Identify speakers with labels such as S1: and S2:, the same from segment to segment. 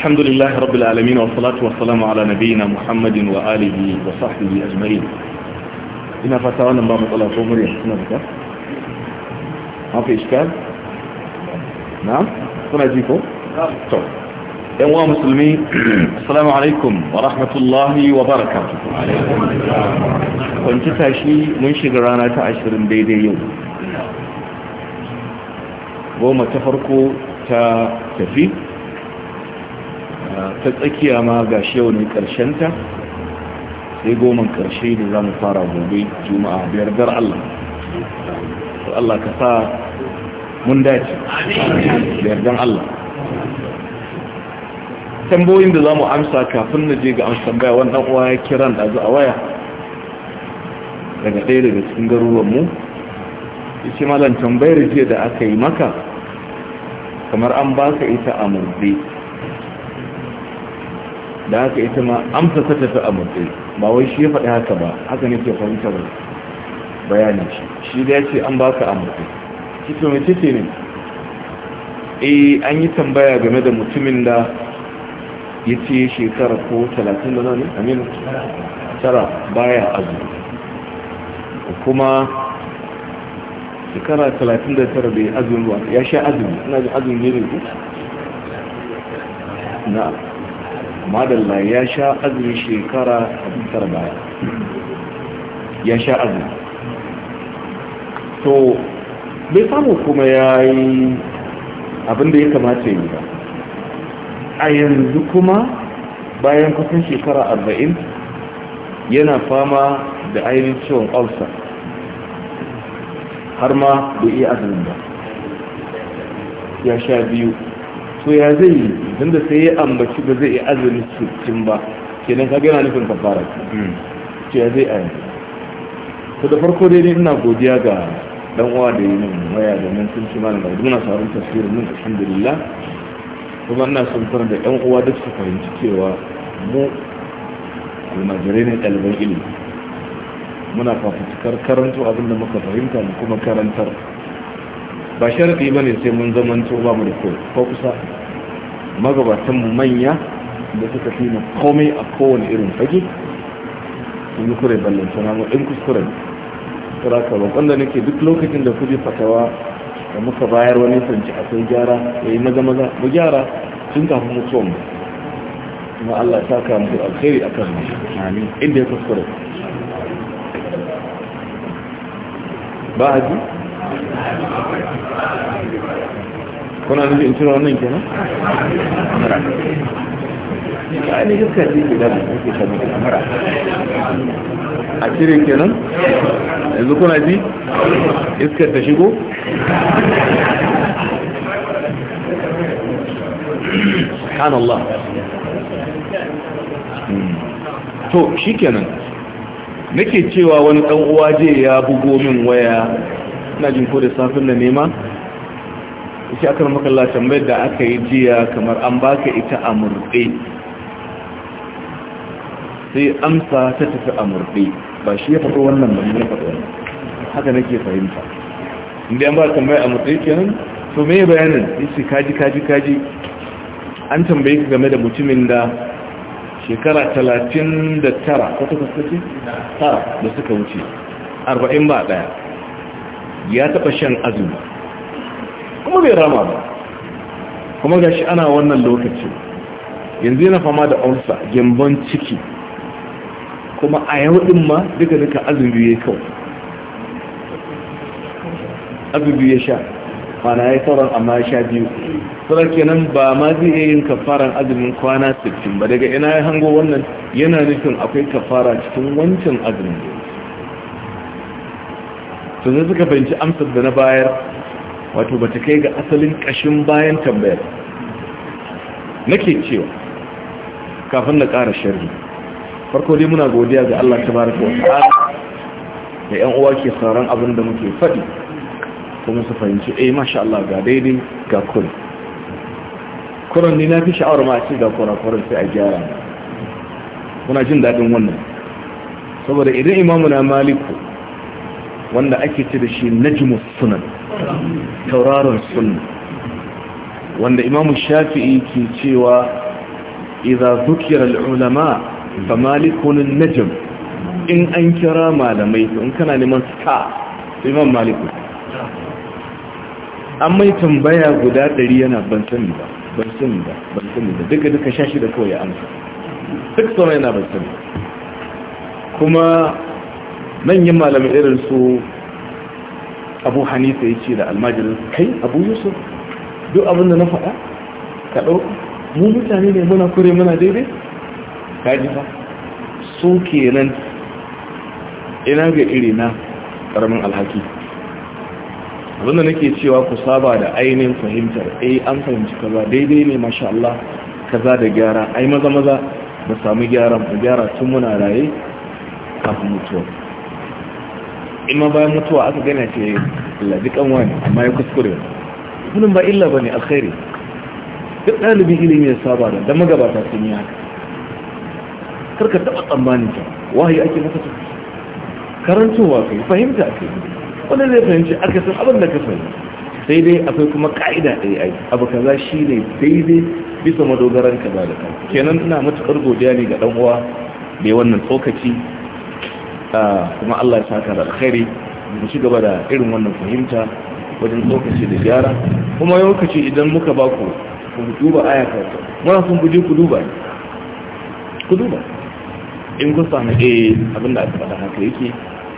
S1: الحمد لله رب العالمين والصلاة والسلام على نبينا محمد وآله وصحبه أجمعين إنا فتاوانا مبامة الله فومريا سنة بك ها في إشكال نعم سنة جيكو نعم طب يوم مسلمي السلام عليكم ورحمة الله وبركاته وعليكم السلام كنت تاشي من شغرانة عشرين دي دي يوم ومتفركو تا تفيد ta tsakiya ma ga shi yau ne ta, sai goma karshe da za mu fara gobe juma'a biyar dar Allah to Allah ka sa mun dace biyar dan Allah tambayoyin da za mu amsa kafin na je ga amsa tambaya wannan uwa ya kira da a waya daga ɗaya daga cikin garuruwan mu ishe malan tambayar jiya da aka yi maka kamar an ba ka ita a murbe da haka ita ma amsa tafi a amurce ba wai shi ya faɗi haka ba haka ne ke fahimtar bayanin shi shi da ya ce an ba ka amurce shi to mace ce ne eh an yi tambaya game da mutumin da ya ce shekara ko talatin da nani amin tara baya azu kuma shekara talatin da tara bai azumi ba ya sha azumi ina jin azumi ne ne ku na'am madalla ya sha azumin shekara tara baya ya sha azumin. to bai samu kuma ya yi abinda ya kamata yi ba a yanzu kuma bayan kusan shekara arba'in yana fama da ainihin ciwon ulcer har ma bai iya azumin ba ya sha biyu to ya zai yi da sai ya ambaci ba zai yi azumi sittin ba kenan ka gina nufin kafara ce hmm. ya zai ayi to da farko dai ne ina godiya ga dan uwa da yi min waya domin sun ci malam da muna sauran tafsirin mun alhamdulillah kuma ina son fara da yan uwa duk su fahimci cewa mu almajirai ne ɗaliban ilimi muna fafutukar karanto abin da muka fahimta da kuma karantar ba ba ne sai mun zamanto ba mu da ko ko kusa magabatan mu manya da suka fi mu komai a kowane irin fage sun yi kure ballantana mu ɗin kuskuren ba roƙon da nake duk lokacin da kuje fatawa da muka bayar wani sanci akwai gyara ya eh, yi maza maza mu gyara tun kafin mutuwan mu kuma Allah ta kawo muku alkhairi kan mu amin inda ya kuskure ba a ji. kuna nufi in cire wannan kenan
S2: ya ne iska ce ke da,
S1: ake ta mutu mara a cire kenan yanzu kuna ji iskar ta shigo Allah to shi kenan nake cewa wani dan uwa je ya bugo min waya na jin ko da safin da nema shi aka maka Allah tambayar da aka yi jiya kamar an baka ita a murɗe sai amsa ta tafi a murɗe ba shi ya faɗo wannan ba ne faɗo haka nake fahimta inda an ba tambaya a murɗe kenan to me bayanin isi kaji kaji kaji an tambaye ka game da mutumin da shekara talatin da tara ko ta kaskace tara da suka wuce arba'in ba ɗaya ya taɓa shan azumi kuma bai rama ba kuma ga shi ana wannan lokaci yanzu yana fama da ulsa gyambon ciki kuma a yau din ma duka duka azumi ya kawo? azumi ya sha mana ya yi sauran amma ya sha biyu sauran kenan ba ma zai iya yin kafaran azumin kwana 60 ba daga ina ya hango wannan yana nufin akwai kafara cikin wancan azumi. to sai suka fahimci amsar da na bayar wato ba ta kai ga asalin ƙashin bayan tambayar nake cewa kafin na ƙara sharri farko dai muna godiya ga Allah ta baraka wa ta'ala da ƴan uwa ke sauran abin da muke faɗi kuma su fahimci eh masha Allah ga daidai ga kun kuran ni na fi sha'awar ma ce ga kurakuran sai a gyara muna jin daɗin wannan saboda idan imamu na maliku wanda ake ce da shi najmus sunan tauraron sunna wanda imamu shafi'i ke cewa idza zukira al’ulama ulama fa malikun najm in an kira malamai in kana neman star imam maliku an mai tambaya guda ɗari yana ban sani ba ban sani ba ban sani ba duka duka shashi da kawai amsa duk sauran yana ban sani kuma manyan malamai irin su abu hanifa ya ce da almajirin kai abu yusuf duk abin da na faɗa ka ɗau mu mutane ne muna kure muna daidai ka ji ba su kenan ina ga iri na ƙaramin alhaki abin da nake cewa ku saba da ainihin fahimtar a eh, an fahimci kaza daidai ne masha Allah kaza da gyara ai maza maza da samu gyara mu gyara tun muna raye kafin mutuwa in ma bayan mutuwa aka gana ce ladikan wani amma ya kuskure wannan ba illa bane alkhairi duk ɗalibin ilimi ya saba da da magabata sun yi haka karka taɓa tsammanin ta wahayi ake maka ta karantowa kai fahimta kai wanda zai fahimci aka san abin da ka fahimta sai dai akwai kuma ka'ida ɗaya ai abu kaza shi ne daidai bisa madogaran ka da kan kenan ina matuƙar godiya ne ga ɗan uwa mai wannan tsokaci kuma Allah ya saka da alkhairi mu ci gaba da irin wannan fahimta wajen lokaci da gyara kuma lokaci idan muka ba ku ku duba aya ka muna sun guje ku duba ku duba in kun samu eh abinda aka faɗa haka yake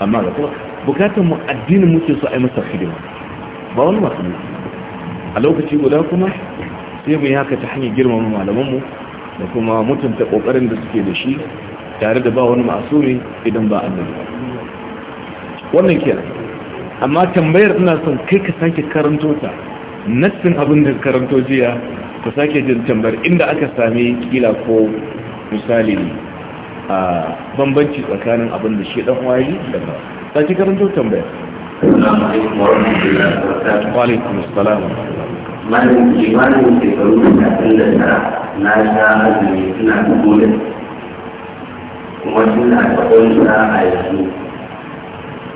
S1: amma ga kuma bukatun mu addinin muke so a yi masa hidima ba wani masu ne a lokaci guda kuma sai mu yi haka ta hanyar girmama malamanmu da kuma mutunta kokarin da suke da shi tare da ba wani masumi idan ba annabi wannan kenan amma tambayar ina son kai ka sake karanto ta nassin abin da karanto jiya ka sake jin tambayar inda aka sami kila ko misali a bambanci tsakanin abin da shi dan wayi da ba sake karanto tambayar Assalamu alaikum wa rahmatullahi wa barakatuh. Wa alaikum assalam. Malam kimanin shekaru da na sha azumi suna dubu da
S3: na ta kunsa a yanzu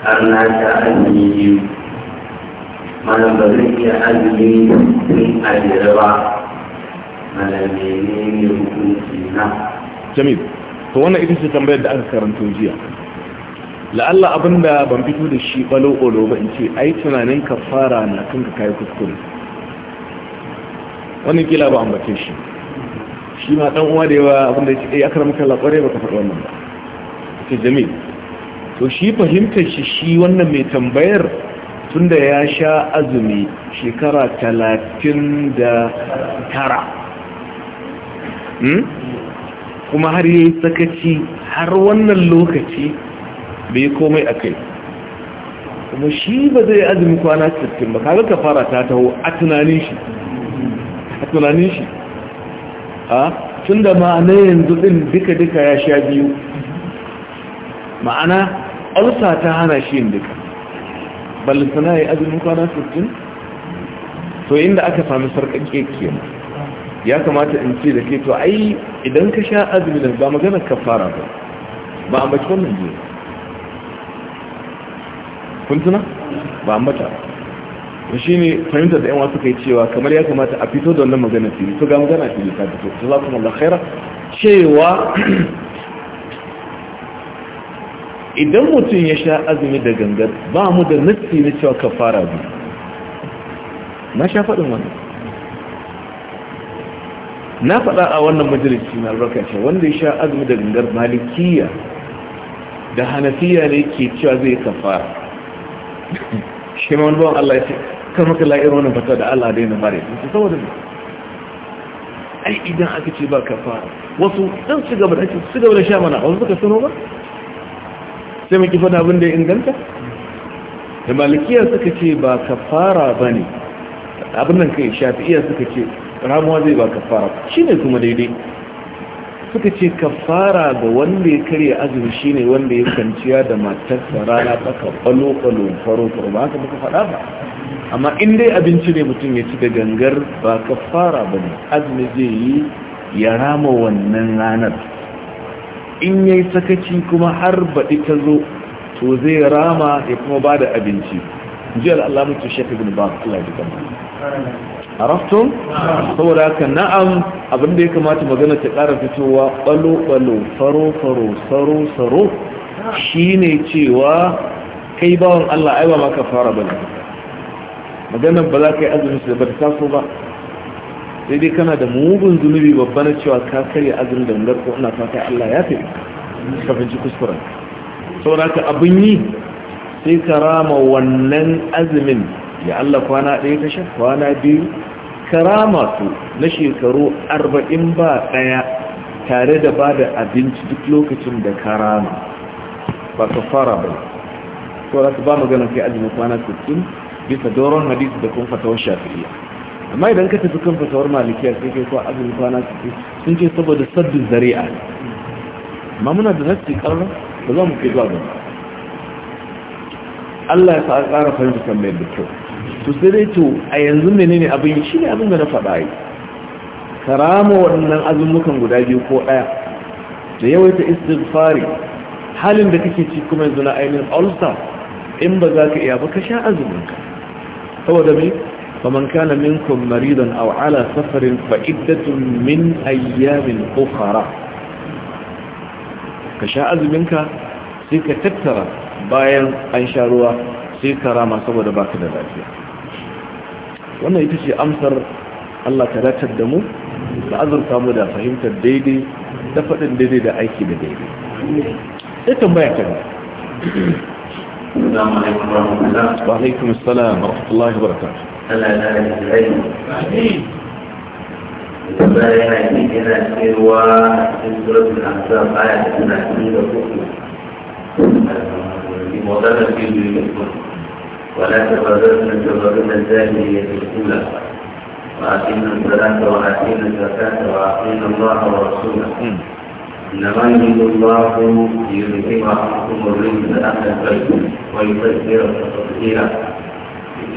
S3: har na ta ajiye biyu mana ba zai iya ajiye ni a jere ba mana mene ne hukunci na
S1: jamil to wannan ita ce tambayar da aka karanta jiya la'alla abinda ban fito da shi balo-balo ba in ce ai tunanin kafara na kan ka kayi kuskure wannan kila ba ambace shi shi ma dan uwa da yawa abinda ya ce eh akramaka Allah kware baka faɗi wannan ba ce jami to shi fahimtar shi shi wannan mai tambayar tunda ya sha azumi shekara talatin da tara hmm? kuma har yi sakaci har wannan lokaci bai komai a kai kuma shi ba zai azumi kwana sittin ba kaga ka fara ta taho a tunanin shi a tunanin shi ah? a ma na yanzu din duka-duka ya sha biyu ma'ana ulsa ta hana shi yin duka ballantana ya yi azumin kwana 60 to inda aka sami sarƙaƙe kenan ya kamata in ce da ke to ai idan ka sha azumin da ba magana ka fara ba ba a mace wannan jiya kuntuna ba a mata ba shi ne fahimtar da yan wasu kai cewa kamar ya kamata a fito da wannan magana fili to ga magana fili ta fito to za kuma Allah cewa idan mutum ya sha azumi da gangar ba mu da nufi na cewa ka fara bi na sha faɗin wannan na faɗa a wannan majalisi na ce wanda ya sha azumi da gangar malikiya da hanafiya ne ke cewa zai fara shi ma wani bawan Allah ya ce kan maka la'ir wani fata da Allah da yana mare su saboda ne ai idan aka ce ba ka fara. wasu ɗan su gaba da shi da sha mana wasu suka sano ba sai maki faɗa abin da ya inganta da malikiya suka ce ba ka fara ba ne abin nan kai iya suka ce ramuwa zai ba ka fara shi ne kuma daidai suka ce ka fara ga wanda ya karya azumi shi ne wanda ya kanciya da matarsa rana tsaka kwalo-kwalo faro-faro ba haka muka faɗa ba amma in dai abinci ne mutum ya ci da gangar ba ka fara ba ne azumi zai yi ya rama wannan ranar in yayi sakaci kuma har baɗi ta zo to zai rama ya kuma ba da abinci jiyar Allah mutu shafi bin ba Allah ya gama rafton, saboda haka na'am abin da ya kamata magana ta ƙara fitowa ɓalo ɓalo faro faro saro saro ne cewa kai bawan Allah aiwa maka fara bane maganar ba za ka yi azumi su da ba ta taso ba sai dai kana da mugun zunubi babba na cewa ka karya azumin da ngar ko ina fata Allah ya fi ka fahimci kuskuren saboda ka abin yi sai ka rama wannan azumin ya Allah kwana ɗaya ta sha kwana biyu ka rama su na shekaru arba'in ba ɗaya tare da ba da abinci duk lokacin da ka rama ba ka fara ba saboda ka ba maganin kai azumin kwana 60 bisa doron hadisi da kun fatawar shafi'iyya amma idan ka tafi kan fasawar malikiya sai kai kuwa azumi kwana cikin sun ce saboda sabbin zari'a amma muna da nasi karra da za mu fi zuwa ba Allah ya sa ƙara fahimta kan mai da kyau to sai dai to a yanzu ne abin shi ne abin da na faɗa yi karama waɗannan azumukan guda biyu ko ɗaya da yawaita istighfari halin da kake ci kuma yanzu na ainihin ulcer in ba za ka iya ba ka sha azumin ka saboda mai فمن كان منكم مريضا أو على سفر فعدة من أيام أخرى كشاء أزمنك سيك تكتر باين أنشاروا سيك راما سوى دباك دلاتي وانا يتشي أمسر الله كلا تدمو لأذر كامدا فهمت الديدي دفت الديدي دا أيكي بديدي سيتم بايتك السلام عليكم ورحمة الله وعليكم السلام ورحمة الله وبركاته
S3: Allah ya kare shi rai الى yana yi yana cewa cikin suratul ahzab aya ta 33 وضل في بيوتكم ولا تبررن تبررن الجاهلية الأولى وأقيموا الصلاة وآتينا الزكاة وأطيعوا الله ورسوله إنما يريد الله ليذهب عنكم الرجس أهل البيت ويطهركم تطهيرا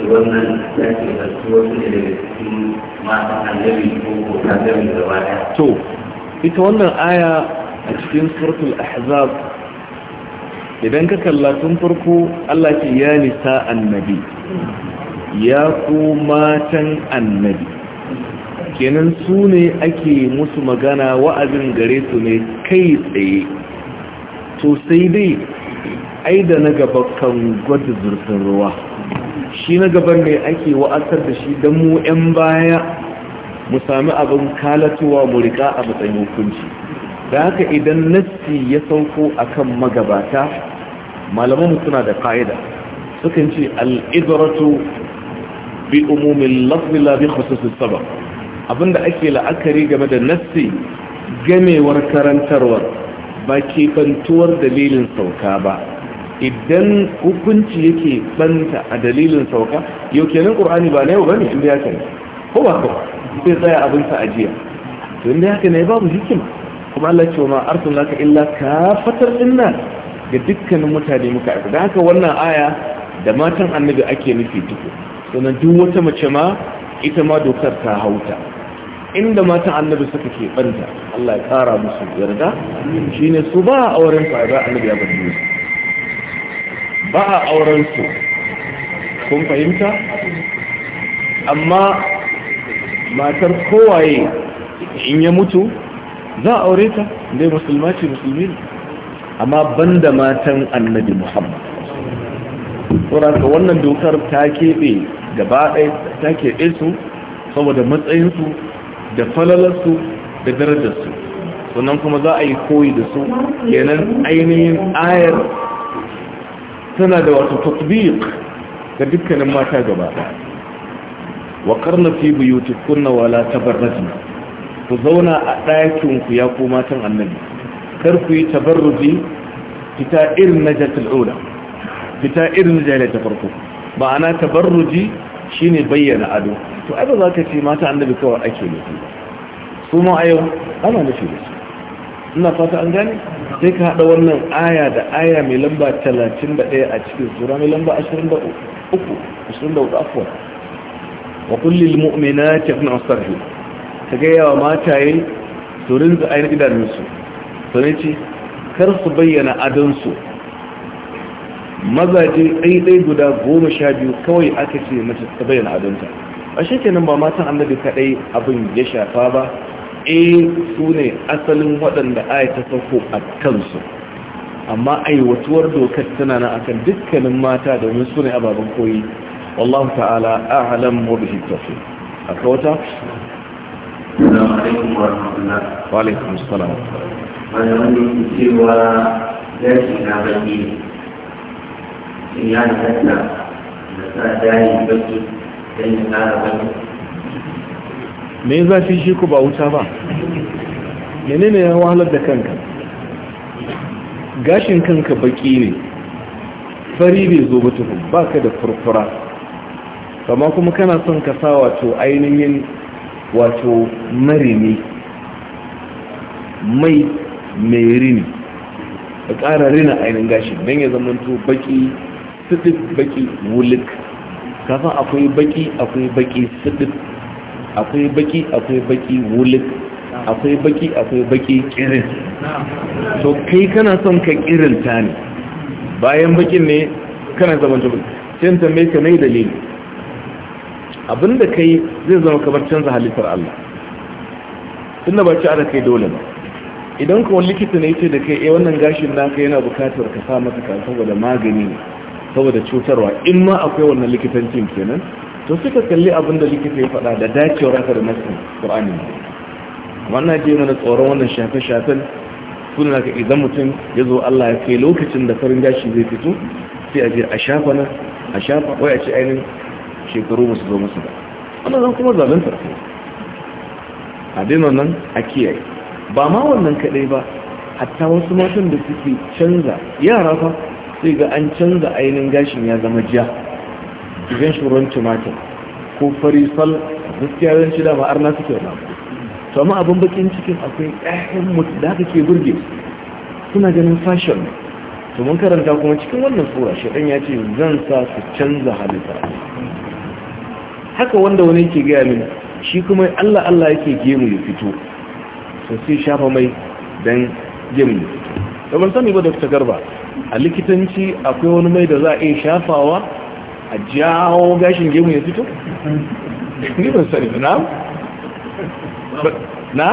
S3: wannan ke wasu daga cikin matan annabi ko ko
S1: to ita wannan aya a cikin suratul ahzab idan ka kalla tun farko Allah ke ya nisa annabi ya ku matan annabi kenan su ne ake musu magana wa'azin gare su ne kai tsaye to sai dai ai da na gaba kan gwada zurfin ruwa shi na gaban ne ake wa'asar da shi don mu 'yan baya mu sami abin kalatuwa mu riƙa a matsayin hukunci da haka idan nassi ya sauko akan magabata malaman suna da ƙa'ida sukan ce al'idaratu bi umumin lafzila bi khususun saba abinda ake la'akari game da nassi gamewar karantarwar ba kebantuwar dalilin sauka ba idan hukunci yake banta a dalilin sauka yau kenan qur'ani ba na yau ne inda ya yake ko ba ko sai tsaya abin sa ajiya to inda yake ne babu hikima kuma Allah ya ce ma laka illa kafatar linnas ga dukkanin mutane muka aka Da haka wannan aya da matan annabi ake nufi duka sannan duk wata mace ma ita ma dokar ta hauta inda matan annabi suka ke banta Allah ya kara musu yarda shine su ba auren wurin ga annabi ya bar musu ba a auren su kun fahimta amma matar kowaye in ya mutu za a aure ta dai musulma ce musulmi amma banda matan annabi muhammad saboda wannan dokar ta keɓe gaba ɗaya ta keɓe su saboda matsayinsu da falalarsu da darajarsu sannan kuma za a yi koyi da su kenan ainihin ayar tana da wato tatbiq ga dukkanin mata gaba wa karna fi buyutikunna wala tabarrajna ku zauna a ɗakin ku ya ku matan annabi kar ku yi tabarruji fita irin najatul ula fita irin najala ta farko ma'ana tabarruji shine bayyana ado to ai ba za ka ce mata annabi kawai ake nufi ba su ma ayo ana nufi da su ina fata an gani sai ka haɗa wannan aya da aya mai lamba 31 a cikin sura mai lamba 23 24 afuwa wa kulli mu'mina ta fi nasarhi ta gaya wa mataye su rinza ainihin idanunsu su ne ce kar su bayyana adonsu mazaje ɗaiɗai guda goma sha biyu kawai aka ce mace ta bayyana adonta a shekenan ba matan annabi kaɗai abin ya shafa ba eh su ne asalin waɗanda aya ta sauko a kansu amma aiwatuwar dokar tana na akan dukkanin mata domin su ne ababen koyi wallahu ta'ala A a'lam wa bihi tawfiq aka wata wa alaikum assalam
S3: wannan wanda yake cewa dashi na baki ya halatta da sa dai baki dan ya kara baki
S1: me ya zafi shi ku ba wuta ba menene ya wahalar da kanka gashin kanka baki ne fari bai zo ba tukun ba ka da furfura Kama kuma kana son ka sa wato ainihin wato marini mai mai rini a ƙara rina ainihin gashi don ya zamanto baki sidik baki wulik kafin akwai baki akwai baki sidik akwai baki akwai baki wulik akwai baki akwai baki kirin to kai kana son ka ta ne bayan bakin ne kana zaman jami'in sai mai ka mai dalili abinda kai zai zama kamar canza halittar Allah tunda ba ci ana kai dole ba idan kuma likita ne ce da kai eh wannan gashin naka yana bukatar ka sa masa kan saboda magani saboda cutarwa in ma akwai wannan likitancin kenan to suka kalli abin da likita ya faɗa da dacewar haka da nasin ƙur'ani wannan je mana tsoron wannan shafe-shafen suna ka idan mutum ya zo Allah ya kai lokacin da farin gashi zai fito sai a je a shafa na a shafa wai a ce ainihin shekaru musu zo musu ba wannan zan kuma zaben sarfi a dinan nan a kiyaye ba ma wannan kaɗai ba hatta wasu matan da suke canza yara fa sai ga an canza ainihin gashin ya zama jiya. idan shuron tumatir ko farisal gaskiya zan ci dama arna suke ba to amma abin bakin cikin akwai ƴaƴan mutu da aka ke burge suna ganin fashion to mun karanta kuma cikin wannan sura shaɗan ya ce zan sa su canza halitta haka wanda wani yake gaya min shi kuma allah allah yake gemu ya fito to sai shafa mai don gemu ya fito da ban sani ba da garba a likitanci akwai wani mai da za a iya shafawa a jawo gashin gemu ya fito ni ban sani na na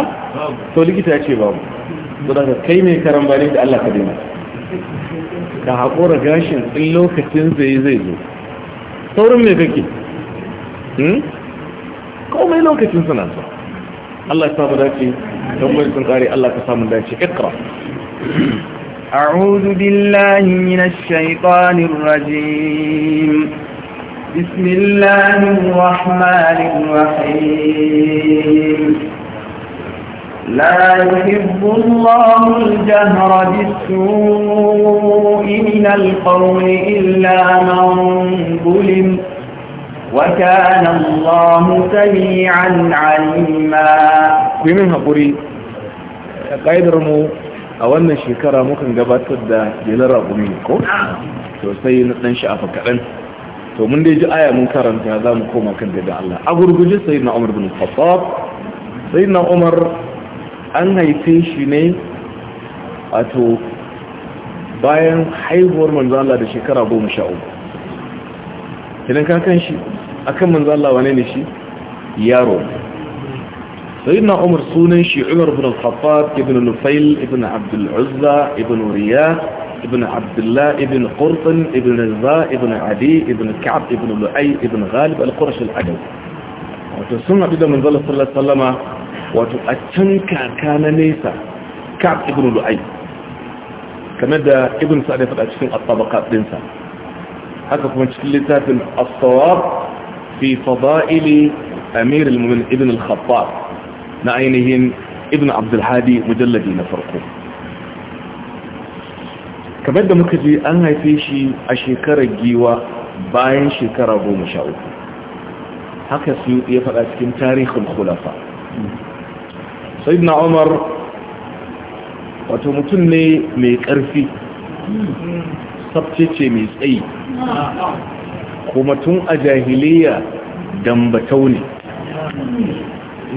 S1: to likita ya ce babu to daga kai mai karan bane da Allah ka daina ka haƙura gashin in lokacin zai zai zo saurin mai kake hmm? komai lokacin suna so Allah ya samu dace don mai sun kare Allah ka samu dace ikra أعوذ بالله من الشيطان
S4: الرجيم بسم الله الرحمن الرحيم لا يحب الله الجهر بالسوء من القول إلا من ظلم وكان الله سميعا عليما
S1: من هبوري قايدر مو أولنا شكرا ممكن قبطت دا da jelar raƙumi ko sosai na to mun dai ji aya mun karanta za mu koma kan da Allah a gurguje sai na Umar bin Khattab sai na Umar an haife shi ne a to bayan haihuwar manzo Allah da shekara 13 idan ka kan shi akan manzo Allah wane ne shi yaro سيدنا عمر سوني شي عمر khattab ibn ابن نفيل ibn abdul العزة ibn riyah ابن عبد الله ابن قرطن ابن الزاء ابن عدي ابن كعب ابن لؤي ابن غالب القرش الأجل وتسمى بدا من ظل صلى الله عليه وسلم وتأتنك كان نيسا كعب ابن لؤي كمدى ابن سعد فالأتشفين الطبقات لنسا حقق من شكلتا في الصواب في فضائل أمير المؤمن ابن الخطاب نعينهم ابن عبد الحادي مجلدين فرقوه kamar da muka ji an haife shi a shekarar giwa bayan shekara goma sha uku haka su ya faɗa cikin tarihin kulafa. sai na umar wato mutum ne mai ƙarfi sabtace mai tsayi kuma tun a jahiliya dambatau ne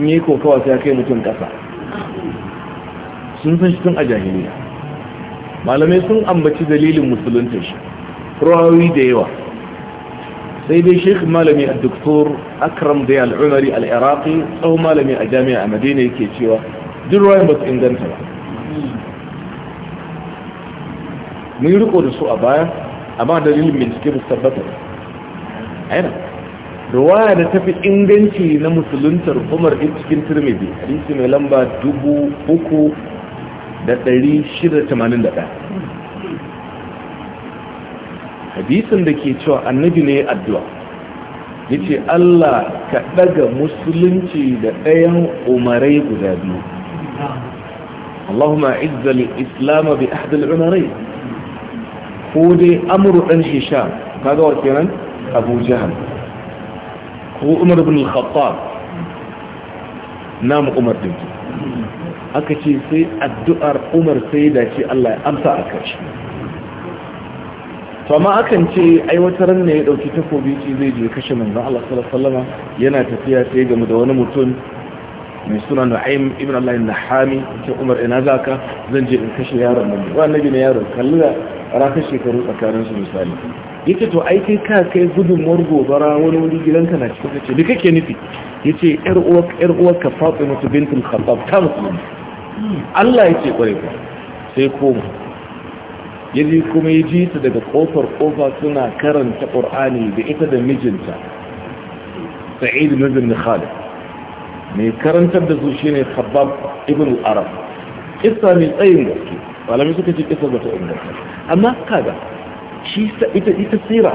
S1: in yi kokawa sai kai mutum ƙasa sun san shi tun a jahiliya malamai sun ambaci dalilin musuluntar shi rawawi da yawa sai dai sheikh malami a doktor akram da al'umari al'iraqi tsawon malami a jami'a a madina yake cewa duk rawayin ba su inganta ba mun riko da su a baya amma dalilin bincike ba su tabbata aina ruwaya da tafi inganci na musuluntar umar cikin turmidi hadisi mai lamba dubu uku da 681 hadisin da ke cewa annabi ne addu'a ce Allah ka daga musulunci da ɗayan umarai guda biyu Allahumma izali islama bi ahd al umarai ko dai amuru dan hisham kaga wa kenan abu jahal ko umar ibn al khattab nam umar din aka ce sai addu'ar umar sai da ce Allah ya amsa a kashi to amma akan ce aiwatar ne ya dauki takobi ce zai je kashe manzon Allah sallallahu alaihi yana tafiya sai game da wani mutum mai suna Nu'aym ibn Allah an-Nahami ce Umar ina zaka zan je in kashe yaron nan wa annabi ne yaron da raka shekaru tsakanin su misali yace to aiki kai ka kai gudun morgo bara wani wuri gidanka na cikin kace me kake nufi yace yar yar uwar ka Fatima bint khattab ta musulmi Allah ya ce ƙwarai sai koma ya ji kuma ya ji ta daga ƙofar ƙofa suna karanta ƙor'ani da ita da mijinta sa'id da khalid mai karantar da su shine Habab ibn arab Kisa mai tsayin gaske malamai suka ce kissa bata inganta amma kaga shi ita ita tsira.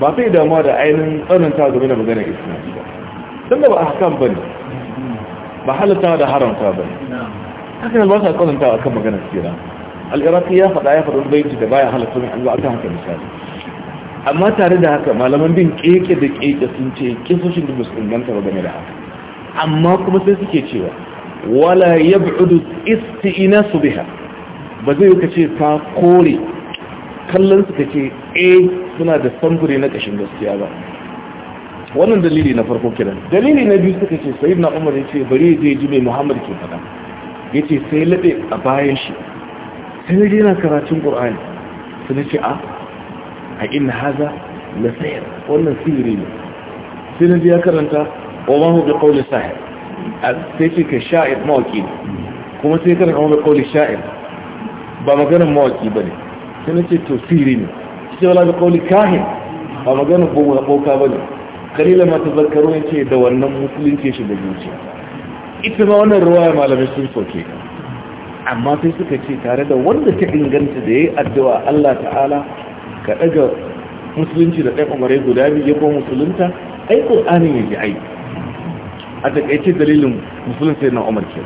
S1: ba sai damuwa da ainihin tsananta game da maganar islam ba don da ba ahkam bane ba halittawa da haramta ba ne ba sa kwananta a kan maganar tsira al'iraki ya faɗa ya faɗin baiti da bayan halatta ne allah akan haka misali amma tare da haka malaman bin keke da keke sun ce kisoshin da musu ganta ba game da haka amma kuma sai suke cewa wala yab'udu isti'nasu biha ba zai yuka ce ta kore kallon su kace eh suna da samfuri na kashin gaskiya ba wannan dalili na farko kenan dalili na biyu suka ce sayyidina umar ya ce bari zai ji mai muhammad ke faɗa ya ce sai laɓe a bayan shi sai na jina karatun ƙur'ani sai na ce ah, a a ina haza na sayar wannan sihiri ne sai na biya karanta wa ma hu bi qawli sahir sai ce ka sha'ir mawaki kuma sai karanta wa bi qawli sha'ir ba maganar mawaki ne, sai na ce to sihiri ne sai wala bi qawli kahin ba maganar ba ne. kalilan ma tazakkaru yace da wannan musulunci shi da ita ma wannan ruwaya malamai sun soke amma sai suka ce tare da wanda ta inganta da yayi addu'a Allah ta'ala ka daga musulunci da ɗaya umarai guda biyu ya kuma musulunta ai qur'ani ne ji ai a takaice dalilin musulunci na umar ke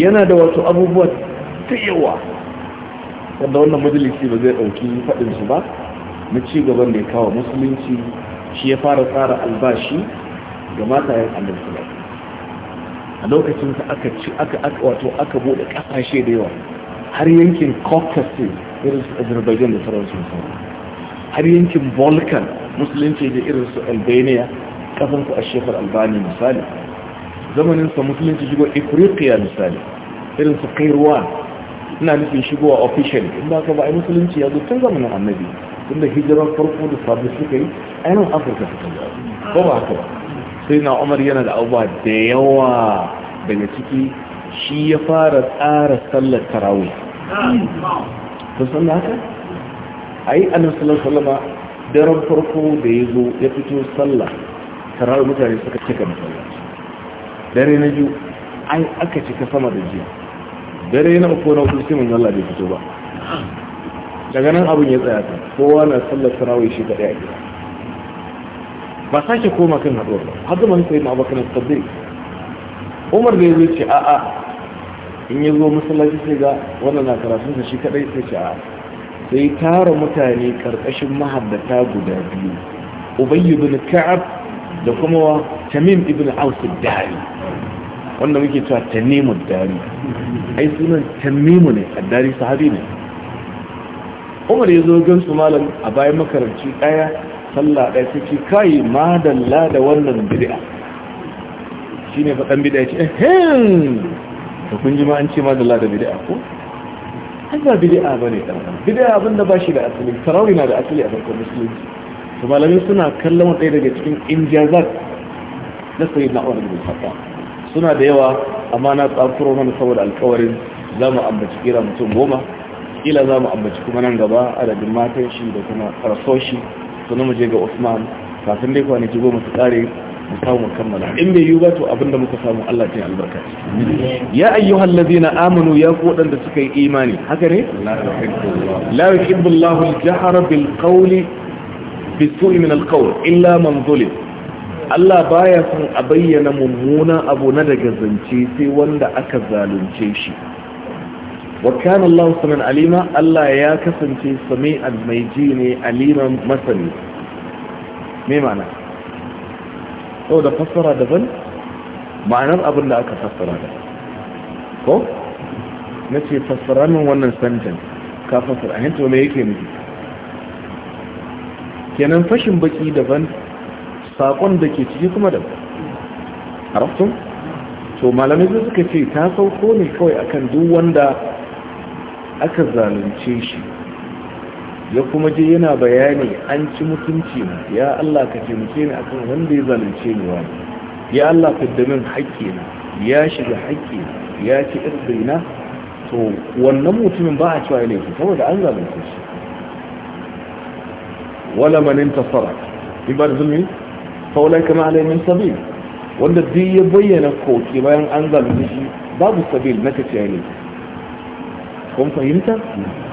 S1: yana da wasu abubuwa ta yawa wanda wannan majalisi ba zai ɗauki faɗinsu ba na ci gaban da ya kawo musulunci shi ya fara tsara albashi ga matayen annabi sallallahu a lokacin sa aka ci aka aka wato aka bude kasashe da yawa har yankin Caucasus irin su Azerbaijan da sauransu har yankin Balkan musulunci da irin su Albania kasan su a shekar Albani misali zamanin sa musulunci shigo Ifriqiya misali irin su Kairouan ina nufin shigowa official in ba ka ba ai musulunci ya zo tun zamanin annabi tunda hijirar farko da sabu suka yi ainihin afirka suka yi ko ba haka ba sai na umar yana da abubuwa da yawa daga ciki shi ya fara tsara sallar tarawih kun san da haka a yi annabi sallar alaihi daren farko da ya zo ya fito sallah tarawih mutane suka cika masallaci dare na biyu ai aka cika sama da jiya dare na uku na uku sai manzo Allah bai fito ba daga nan abin ya tsaya ta kowa na sallar tarawih shi kaɗai a gida ba sake koma kan haɗuwa ba har zama sai ma abokan sabbi umar da ya zo ce a'a in ya zo masallaci sai ga wannan na karatun sa shi kaɗai sai ce a'a sai tara mutane karkashin mahaddata guda biyu ubayy ibn ka'ab da kuma wa tamim ibn aus dari wanda muke cewa tamimu dari ai sunan tamimu ne addari sahabi ne umar ya zo gan su malam a bayan makaranci ɗaya sallah ɗaya suke kai madalla da wannan bid'a shi ne faɗan bid'a ce ehem da kun ji ma an ce madalla da bid'a ko an ba bid'a ba ne bid'a abin da ba shi da asali sarauni na da asali a farkon musulunci to malamin suna kallon ɗaya daga cikin injazar na sayi na umar da khattab suna da yawa amma na tsakuro mana saboda alkawarin za mu ambaci kira mutum goma kila za mu ambaci kuma nan gaba adadin matan shi da kuma farso shi sannan mu je ga Usman kafin dai kwanaki goma su kare mu samu mu kammala in bai yiwu ba to abinda muka samu Allah ta yi albarka ya ayyuhal ladina amanu ya ku waɗanda suka yi imani haka ne la yuhibbu Allahu al-jahra bil qawli su'i min al-qawl illa man zulim Allah baya son a bayyana mummuna abu na daga zance sai wanda aka zalunce shi wa kana Allah sanan alima Allah ya kasance sami'an mai ji ne aliman masani me ma'ana da fassara daban ma'anar abin da aka fassara da ko na ce fassara min wannan sanjan ka fassara a to me yake nufi kenan fashin baki daban saƙon da ke ciki kuma daban a to malamai suka ce ta sauko ne kawai akan duk wanda aka zalunce shi ya kuma je yana bayani an ci mutunci ne. ya Allah ka taimake ni akan wanda ya zalunce ni wani ya Allah fidda min haƙƙi na ya shiga haƙƙi ya ci irzai na to wannan mutumin ba a cewa ya laifi saboda an zalunce shi wala manin tasara ibar zulmi faulai kama alai min sabil wanda duk ya bayyana koke bayan an zalunce shi babu sabil na ka ce ya kun fahimta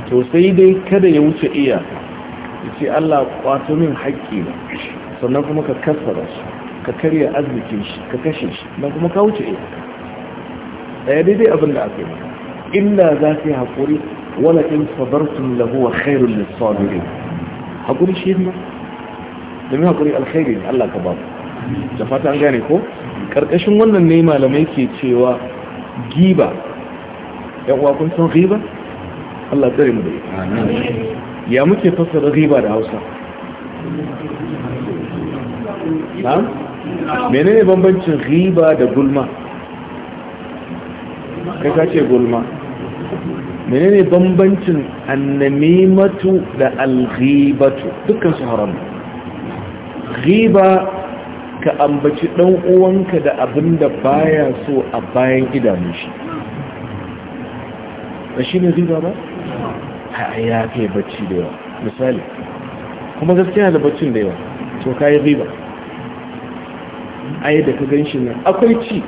S1: to sai dai kada ya wuce iya ya ce Allah kwato min haƙƙi ne, sannan kuma ka kassara shi ka karya arzikin shi ka kashe shi nan kuma ka wuce iya ɗaya daidai abin da aka yi maka illa za ka yi haƙuri wala in sabartum lahu wa khairul lisabirin haƙuri shi ne domin haƙuri alkhairi ne Allah ka ba da fata an gane ko karkashin wannan ne malamai ke cewa giba yan uwa kun san riba Allah tsare mu da ya muke fassara riba da Hausa
S2: na'am menene
S1: bambancin riba da gulma
S2: kai ka ce gulma
S1: menene bambancin annamimatu da alghibatu dukkan su haram riba ka ambaci dan uwanka da abinda baya so a bayan idanun shi Da shi ne riba ba a ya kai bacci da yawa misali kuma gaskiya da baccin da yawa to ka yi riba a da ka gan shi nan akwai ci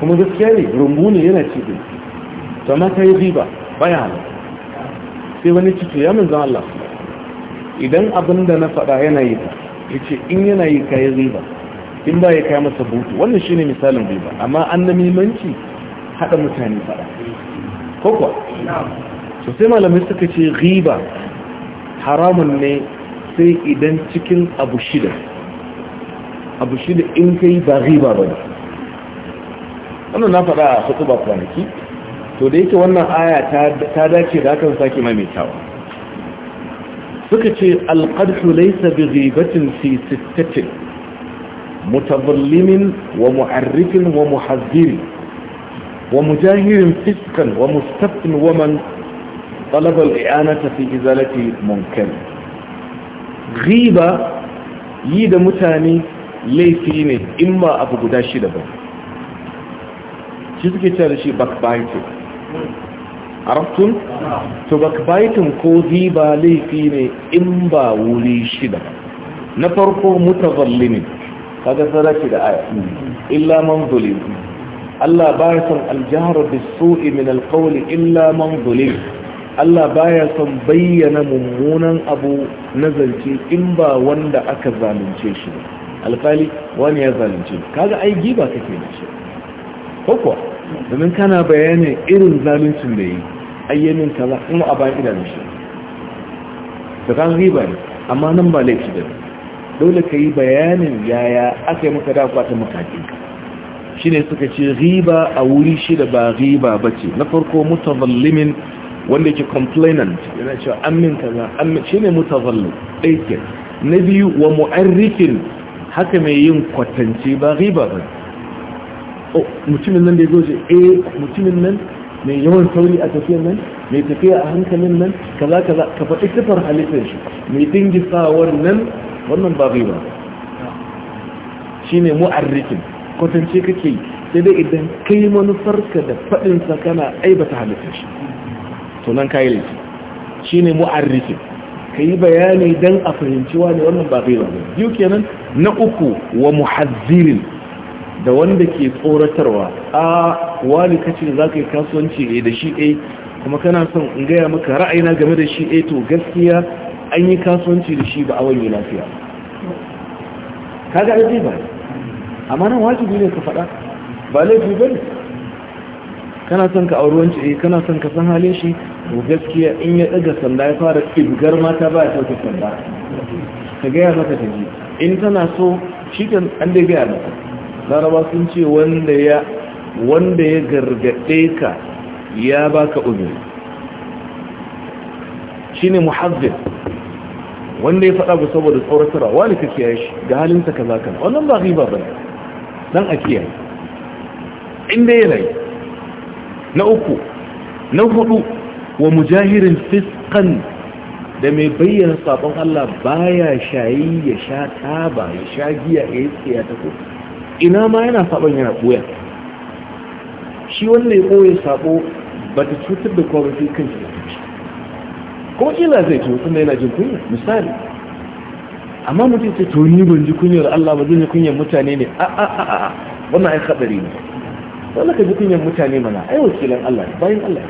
S1: kuma gaskiya ne rungu ne yana ci da to ma ka yi riba baya hana sai wani ciki ya min zan Allah idan abin da na faɗa yana yi ta ya ce in yana yi ka yi riba in ba ya kai masa butu wannan shi ne misalin riba amma an na mimanci haɗa mutane faɗa ko kuwa to sai malamai suka ce riba haramun ne sai idan cikin abu shida abu shida in kai ba riba ba ne wannan na faɗa a hutu ba kwanaki to da yake wannan aya ta dace da hakan sake maimaitawa suka ce alƙarfi laisa bi ribatin fi sittatin mutazallimin wa mu'arrifin wa muhazzirin ومجاهر فسقا ومستفت ومن طلب الإعانة في إزالة منكر غيبة يد متاني ليسين إما أبو قداشي لبا شذكي تارشي backbiting عرفتم to backbiting ko riba laifi ne in ba wuri shida na farko mutazallimi kaga sarki da illa man Allah ba ya son aljahar bisu'i min alkawali illa man zulim Allah ba ya son bayyana mummunan abu na zance in ba wanda aka zalunce shi alƙali wani ya zalunce kaga ai giba kake da shi ko domin kana bayanin irin zaluncin da yi ayyamin kaza kuma a bayan idanun shi da kan riba ne amma nan ba laifi da dole ka yi bayanin yaya aka yi maka dafa ta matakinka shine suka ce riba a wuri shida ba riba ce na farko mutazallimin wanda yake complainant yana cewa amin kaza amin shine mutazallim dai na biyu wa mu'arrikin haka mai yin kwatance ba riba ba oh mutumin nan da ya zo ce a eh, mutumin nan mai yawan sauri a tafiyar nan mai tafiya a hankalin nan kaza kaza ka faɗi sifar halittar shi mai dingisawar nan wannan ba riba shine mu'arrikin. kwatance kake yi sai dai idan kai manufarka da faɗinsa kana aibata halittar shi tunan kayi laifi shi ne mu'arrifin ka yi bayani don a fahimci ne wannan ba bai zama biyu kenan na uku wa muhazzirin da wanda ke tsoratarwa a wani kace za ka yi kasuwanci ne eh da shi a eh, kuma kana son in gaya maka ra'ayina game da shi a eh, to gaskiya an yi kasuwanci da shi ba a wani lafiya kaga aji ba amma nan wajibi ne ka faɗa ba laifi ba ne kana son ka auri wancan eh kana son ka san halin shi to gaskiya in ya ɗaga sanda ya fara ibgar mata ba ya sauke sanda ka gaya maka ta ji in tana so shi kan an dai gaya maka laraba sun ce wanda ya wanda ya gargaɗe ka ya baka shi shine muhazzin wanda ya faɗa ba saboda tsoratarwa wani ka kiyaye shi ga halinsa ka kaza wannan ba riba ne don a kiyaye inda yanayi na uku na hudu wa mujahirin fiskan da mai bayyana sabon Allah baya shayi ya sha taba ya sha giya ya yi ta ko ina ma yana sabon yana koya shi wanda ya koya sabo ba ta cutar da kwamfani kan shi da Ko kila zai ce mutum yana jin kunya misali amma mutum ce to ni ban ji kunyar Allah ba zai kunyar mutane ne a a a a wannan ai hadari ne wannan ka ji kunyar mutane mana ai wakilan Allah bayan Allah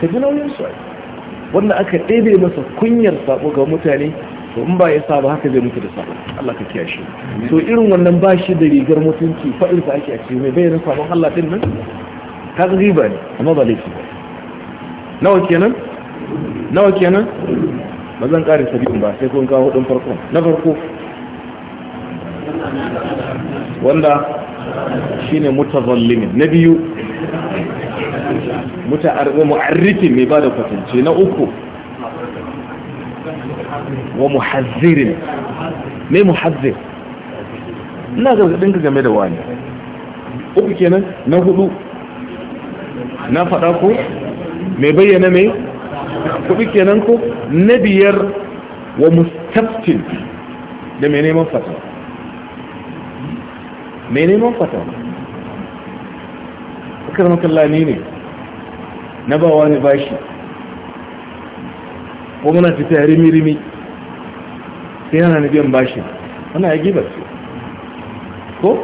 S1: ka ji nauyin su wannan aka ɗebe masa kunyar sabo ga mutane to in ba ya saba haka zai mutu da sabo Allah ka kiyaye shi to irin wannan ba shi da rigar mutunci fa'il sa ake a cikin mai bayyana sabon Allah din nan ta riba ne amma ba laifi ba nawa kenan nawa kenan ba zan ƙari sabi'in ba sai kun kawo hudun farko na farko wanda shine mutazallimin na biyu mu'arrifin mai ba da kwatance na uku wa muhazzirin mai muhazzir
S2: ina gargadin ka game da wani
S1: uku kenan na hudu na faɗa ko mai bayyana mai kuɗi kenan ko na biyar wa mustaftin da mai neman fatawa mai neman fatawa akar makalla ni ne na ba wa ni bashi ko muna fita rimi-rimi sai yana na biyan bashi wana ya gibar su ko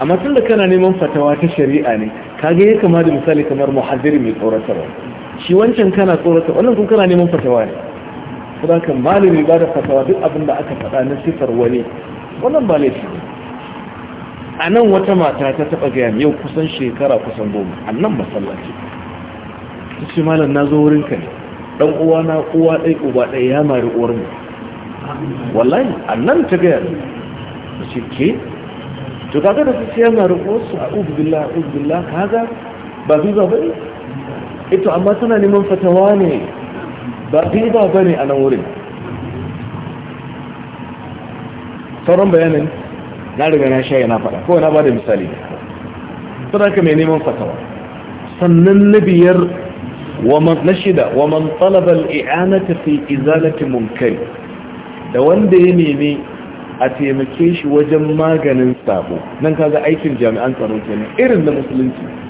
S1: a matsin da kana neman fatawa ta shari'a ne kage ya kama da misali kamar muhaziri mai tsoratarwa shi wancan kana tsorata wannan kun kana neman fatawa ne kuma kan malami ba da fatawa duk abin da aka faɗa na sifar wani wannan ba laifi ne a nan wata mata ta taɓa gaya yau kusan shekara kusan goma a nan masallaci ta ce malam na zo wurin ka ne ɗan uwa na uwa ɗai uba ɗai ya mari uwar mu wallahi a nan ta gaya ne ta ce ke to kaga da su ce ya mari uwar su a ubu billah ubu billah kaga ba zuwa ba ne ito amma suna neman fatawa ne ba riba ba ne a nan wurin sauran bayanin na riga na sha na faɗa kowane na ba da misali sadaka mai neman fatawa sannan na biyar na shida wa man talabar i'anata fi izalatin munkari da wanda ya nemi a taimake shi wajen maganin sabo nan kaga aikin jami'an tsaro kenan irin na musulunci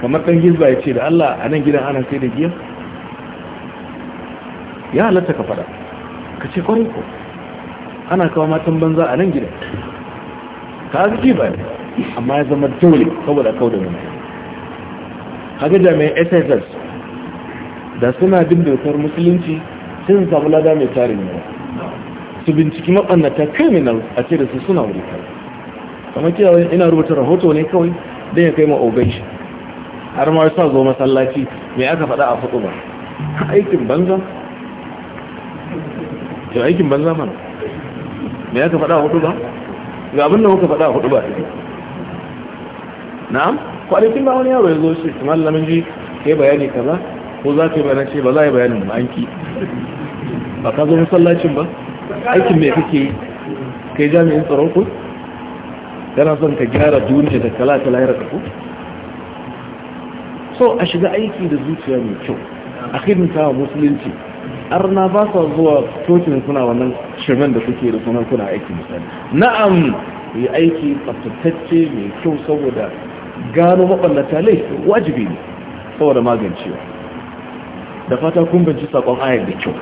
S1: kamar ɗan gizba ya ce da Allah a nan gidan ana sai da giya ya halatta ka fada ka ce ƙwarin ko ana kawo matan banza a nan gidan ka zaki ba ne amma ya zama dole saboda kawo da nuna haka jami'in sss da suna bin dokar musulunci sun samu lada mai tarin yawa su binciki maɓannata criminal a ce da su suna wuri kawai kamar kiyawa ina rubuta rahoto ne kawai don ya kai ma ogan shi har ma sa zo masallaci me aka faɗa a faɗo ba aikin banza to aikin banza mana me aka faɗa a hudu ba ga abin da muka faɗa a hudu ba na'am kwanakin ba wani yaro ya zo shi kamar lamin ji kai bayani kaza ko za ka bayani ce ba za a yi bayanin ba an ki ba ka zo masallacin ba aikin me kake yi kai jami'in tsaro ku kana son ka gyara duniya da kala ta lahira ku so a shiga aiki da zuciya mai kyau a hidinta a musulunci arna ba sa zuwa cocin suna wannan shirman da kuke da sunan kuna aiki misali na'am yi aiki tsaftatacce mai kyau saboda gano maɓallata laifin wajibi ne saboda magancewa da fata kun binci sakon ayar da kyau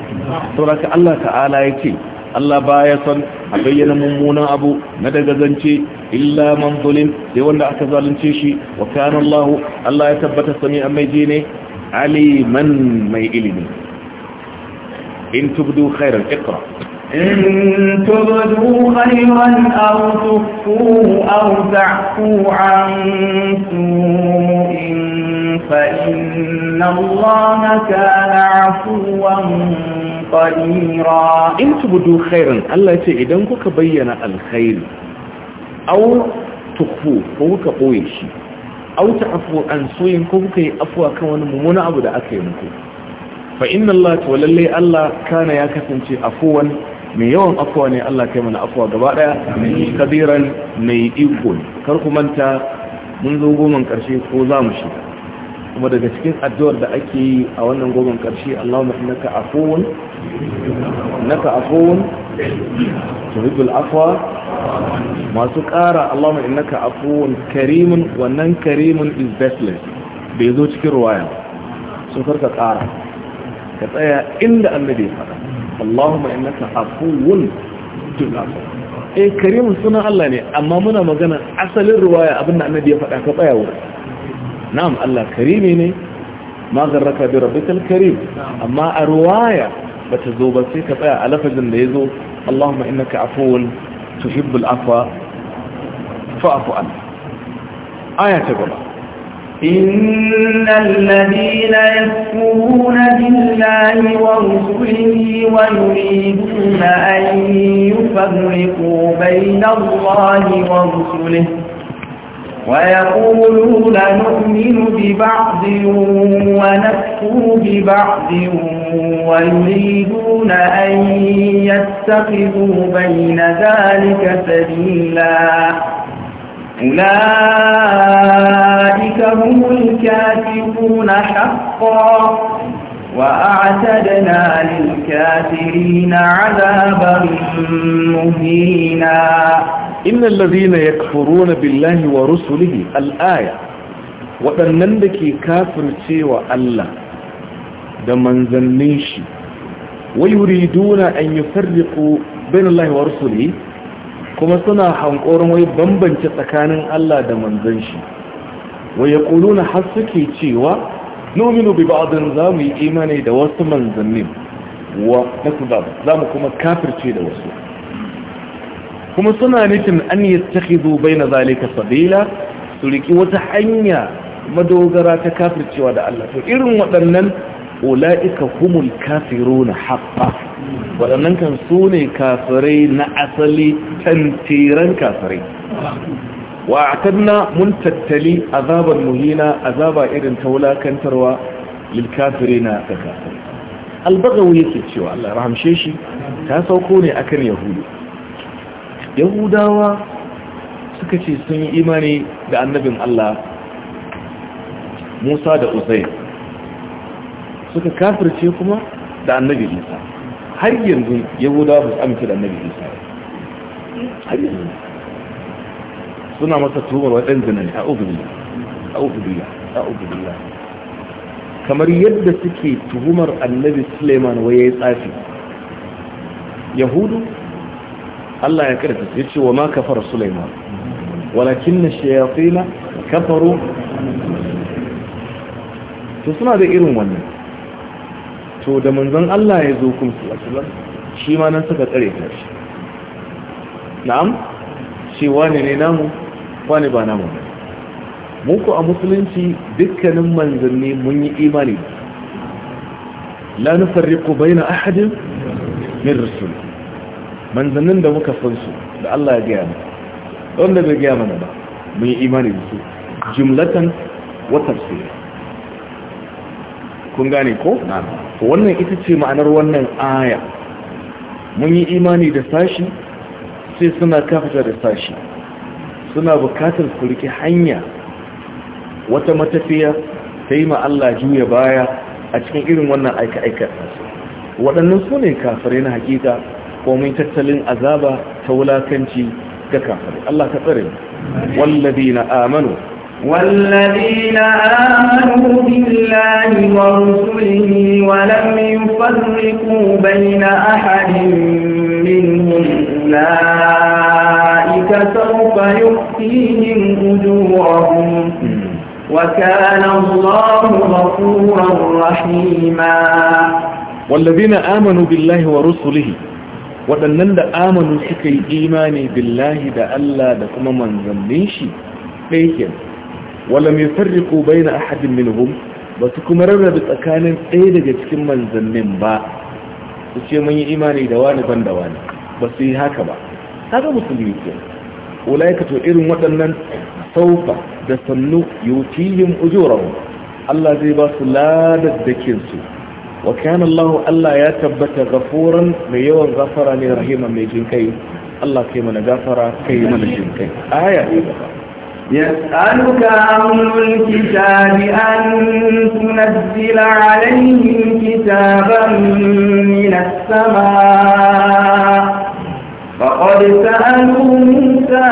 S1: saboda ka Allah ta'ala ya ce Allah baya son a bayyana mummunan abu na daga zance illa man zulim sai wanda aka zalunce shi wa kana Allah Allah ya tabbata sami an mai ne aliman mai ilimi in tubdu khairan iqra
S4: إن تبدوا خيرا أو تخفوه أو تعفو عن سوء فإن الله كان عفوا
S1: qadira in tubdu khairan Allah ya ce idan kuka bayyana alkhairi aw tukhfu ko kuka koye shi aw ta'fu an suyin ko kuka yi afwa kan wani mummuna abu da aka yi muku fa inna Allah tawalla Allah kana ya kasance afwan mai yawan afwa ne Allah kai mana afwa gaba ɗaya daya qadiran mai iko kar ku manta mun zo goman karshe ko za mu shiga kuma daga cikin addu'ar da ake yi a wannan gogon ƙarshe, Allahumma innaka afuwun innaka afuwun tuhibbul afwa masu ƙara Allahumma innaka afuwun karimun wannan karimun is bestless bai zo cikin ruwaya sun farka ƙara ka tsaya inda annabi ya faɗa Allahumma innaka afuwun tuhibbul afwa eh karimun sunan Allah ne amma muna magana asalin ruwaya abinda annabi ya faɗa ka tsaya wurin نعم الله كريم يعني ما غرك بربك الكريم اما روايه بتذوب فيك بقى على فجن اللي اللهم انك عفو تحب العفو فاعف عنا ايه تقول ان
S4: الذين يكفرون بالله ورسله ويريدون ان يفرقوا بين الله ورسله ويقولون نؤمن ببعض ونكفر ببعض ويريدون أن يتخذوا بين ذلك سبيلا أولئك هم الكافرون حقا وأعتدنا للكافرين
S1: عذابا مهينا innal ladhina yakfuruna billahi wa rusulihi al'aya, waɗannan da ke kafircewa Allah da manzannin shi wai yuriduna an yufarriqu bainallahi wa rusulihi kuma suna hankorin wai bambance tsakanin Allah da manzan shi wai yaquluna har suke cewa nominu bi za mu yi imani da wasu manzannin wa za zamu kuma kafirce da wasu kuma suna nufin an yi takhidhu na zalika sabila su riki wata hanya madogara ta kafircewa da Allah to irin waɗannan ula'ika humul na haqqa waɗannan kan su ne kafirai na asali tantiran kafirai wa na mun tattali azaban muhina azaba irin ta wulakantarwa lil kafirina ga kafirai albagawi yake cewa Allah rahamshe shi ta sauko ne akan yahudu yahudawa suka ce sun yi imani da annabin Allah Musa da Usai suka kafirce kuma da annabin Isa har yanzu yahudawa ba su amince da annabin Isa har yanzu suna masa tuhumar waɗanda ne a ubillah a ubillah a kamar yadda suke tuhumar annabi Suleiman waye tsafi yahudu Allah ya karfi ya ce wa ma kafar Sulaiman walakin na shayatina kafaru to suna da irin wannan to da manzon Allah ya zo kuma sallallahu shi ma nan suka tsare ta shi na'am shi wani ne namu wani ba namu mu ko a musulunci dukkanin manzanni mun yi imani la nufarriqu baina ahadin min rusuli manzannin da muka san su da Allah ya gaya mana wanda bai gaya mana ba mun yi imani da su jimlatan wa tafsira kun gane ko wannan ita ce ma'anar wannan aya mun yi imani da sashi sai suna kafata da sashi suna bukatar su rike hanya wata matafiya ta yi Allah juya baya a cikin irin wannan aika aika waɗannan su ne kafirai na hakika ومن mun أذابا azaba كنتي ككافر الله كفر والذين آمنوا
S4: والذين آمنوا بالله ورسله ولم يفرقوا بين أحد منهم أولئك سوف يؤتيهم أجورهم وكان الله
S2: غفورا
S1: رحيما والذين آمنوا بالله ورسله waɗannan da amanu suka yi imani billahi da Allah da kuma manzannin shi ɗaya ke wala mai farriko bai na ahadin minhum ba su kuma rarrabe tsakanin ɗaya daga cikin manzannin ba su ce mun yi imani da wani ban da wani ba su yi haka ba ga musulmi ke ulai ya to irin waɗannan saufa da sannu tilin ujiyar Allah zai ba su ladaddakin su وكان الله ألا يتبت غفورا ميو غفرني رحيما ميجين كي الله كيما نغفر كيما نجين كي آية
S4: يسألك أهل الكتاب أن تنزل عليهم كتابا من السماء فقد سألوا موسى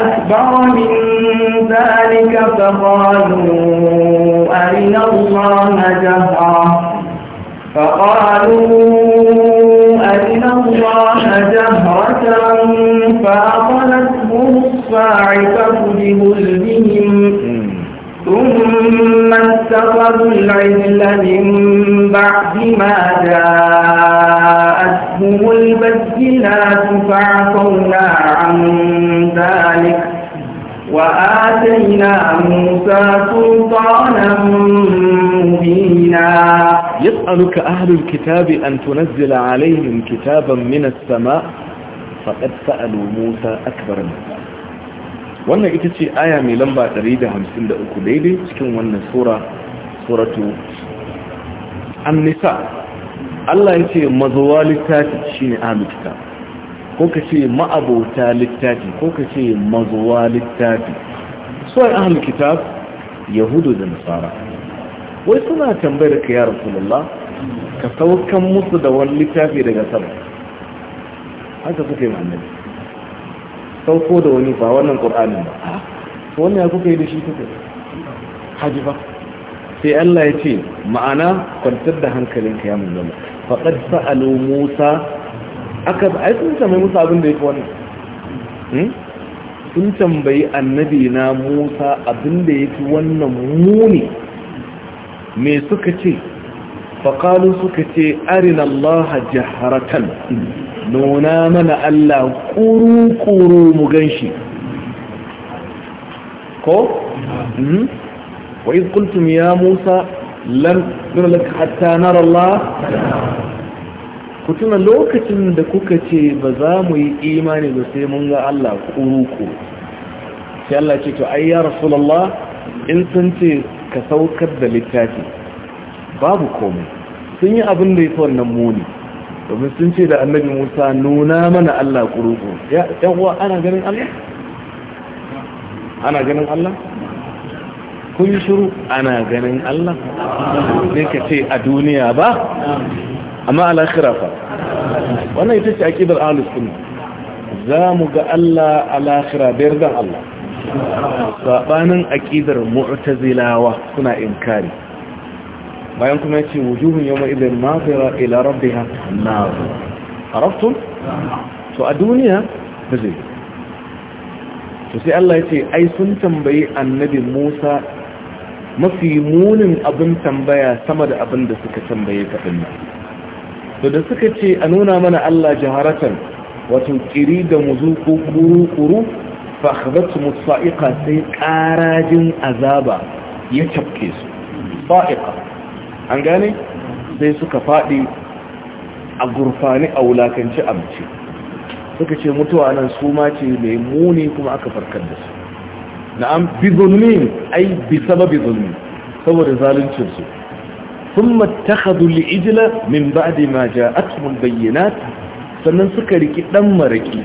S4: أكبر من ذلك فقالوا أرنا الله جهرا فقالوا أرنا الله جهرة فأخذتهم الصاعقة بظلمهم ثم اتخذوا العجل من بعد ما جاءتهم البدلات فعفونا عن ذلك وآتينا موسى سلطانا
S1: مبينا يسألك أهل الكتاب أن تنزل عليهم كتابا من السماء فقد سألوا موسى أكبر وانا اتشي آية من لمبا تريد همسين سند ليلي شكو وانا سورة سورة النساء الله يتشي مظوالي تاتي شيني آمي كتاب ko ka ce ma'abota littafi ko ka ce mazuwa littafi suwan ahal kitab yahudu da nasara wai suna tambayar ka ya rasulullah ka saukan musu da wani littafi daga sama haka suka yi annabi sauko da wani ba wannan ƙur'anin ba ah, wani ya kuka yi da shi kuka haji ba sai Allah ya ce ma'ana kwantar da hankalinka ya mun zama faɗar sa'alu musa aka ai sun tambayi musa abin da ya fi wannan hmm? sun tambayi annabi na musa abin da ya fi wannan muni me suka ce faƙalu suka ce arinallaha jaharatan nuna mana allah
S2: ƙuru-ƙuru mu ganshi.
S1: ko? Hmm? wa kultum ya musa lan nuna laka hatta ku tuna lokacin da kuka ce ba za mu yi imani ba sai mun ga Allah kuruku sai Allah ce to ai ya rasulullah in sun ce ka saukar da littafi babu komai sun yi abin da ya fi wannan muni domin sun ce da annabi musa nuna mana Allah kuruku ya uwa ana ganin Allah ana ganin Allah kun shiru ana ganin Allah ne ka ce a duniya ba amma ala fa, wannan ita ce aqidar ahlus sunna za mu ga Allah ala khira bayar da Allah sabanin aqidar mu'tazilawa suna inkari bayan kuma yace wujuhun yawma idhin nazira ila rabbiha nazira araftum to a duniya bazai to sai Allah yace ai sun tambayi annabi Musa mafi munin abin tambaya sama da abin da suka tambaye ka dinnan to da suka ce a nuna mana Allah jaharatan wato kiri da muzu ko kuru-kuru khabatu musa'iqa sai qarajin azaba ya cafke su sa'iqa an gane sai suka faɗi a gurfani a wulakanci amci suka ce mutuwa nan su ma ce mai muni kuma aka farkar da su na'am bi zulmi ai bi sababi zulmi saboda su ثم اتخذوا الإجلة من بعد ما جاءتهم البينات sannan suka riki dan maraki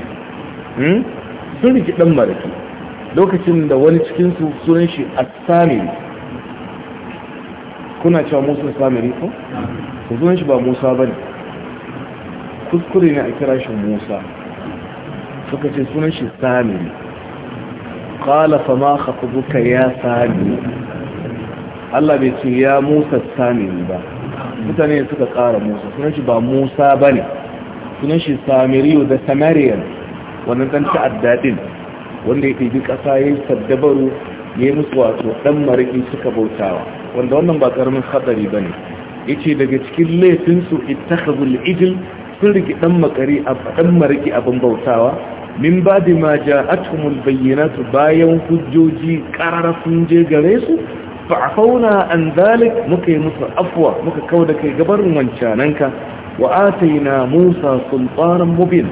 S1: sun riki dan maraki lokacin da wani cikin su sunan shi as-samiri kuna cewa Musa samiri ko sunan shi ba Musa bane kuskure ne a kira shi Musa suka ce sunan shi samiri qala fama khatabuka ya samiri Allah bai ce ya Musa Samiri ba mutane suka ƙara Musa sunan shi ba Musa ba ne sunan shi Samiriyu da Samariyan wannan dan ta'adda din wanda ya ɗibi ƙasa ya saddabaru ya musu wato ɗan mariki suka bautawa wanda wannan ba ƙaramin hatsari ba ne ya daga cikin laifinsu ittakhazul ijil sun riki ɗan makari a ɗan mariki abin bautawa min ba da ma bayyana su bayan hujjoji ƙarara sun je gare su فعفونا عن ذلك مكي مصر أفوى مكي كودك قبر وانشاننك وآتينا موسى سلطانا مبين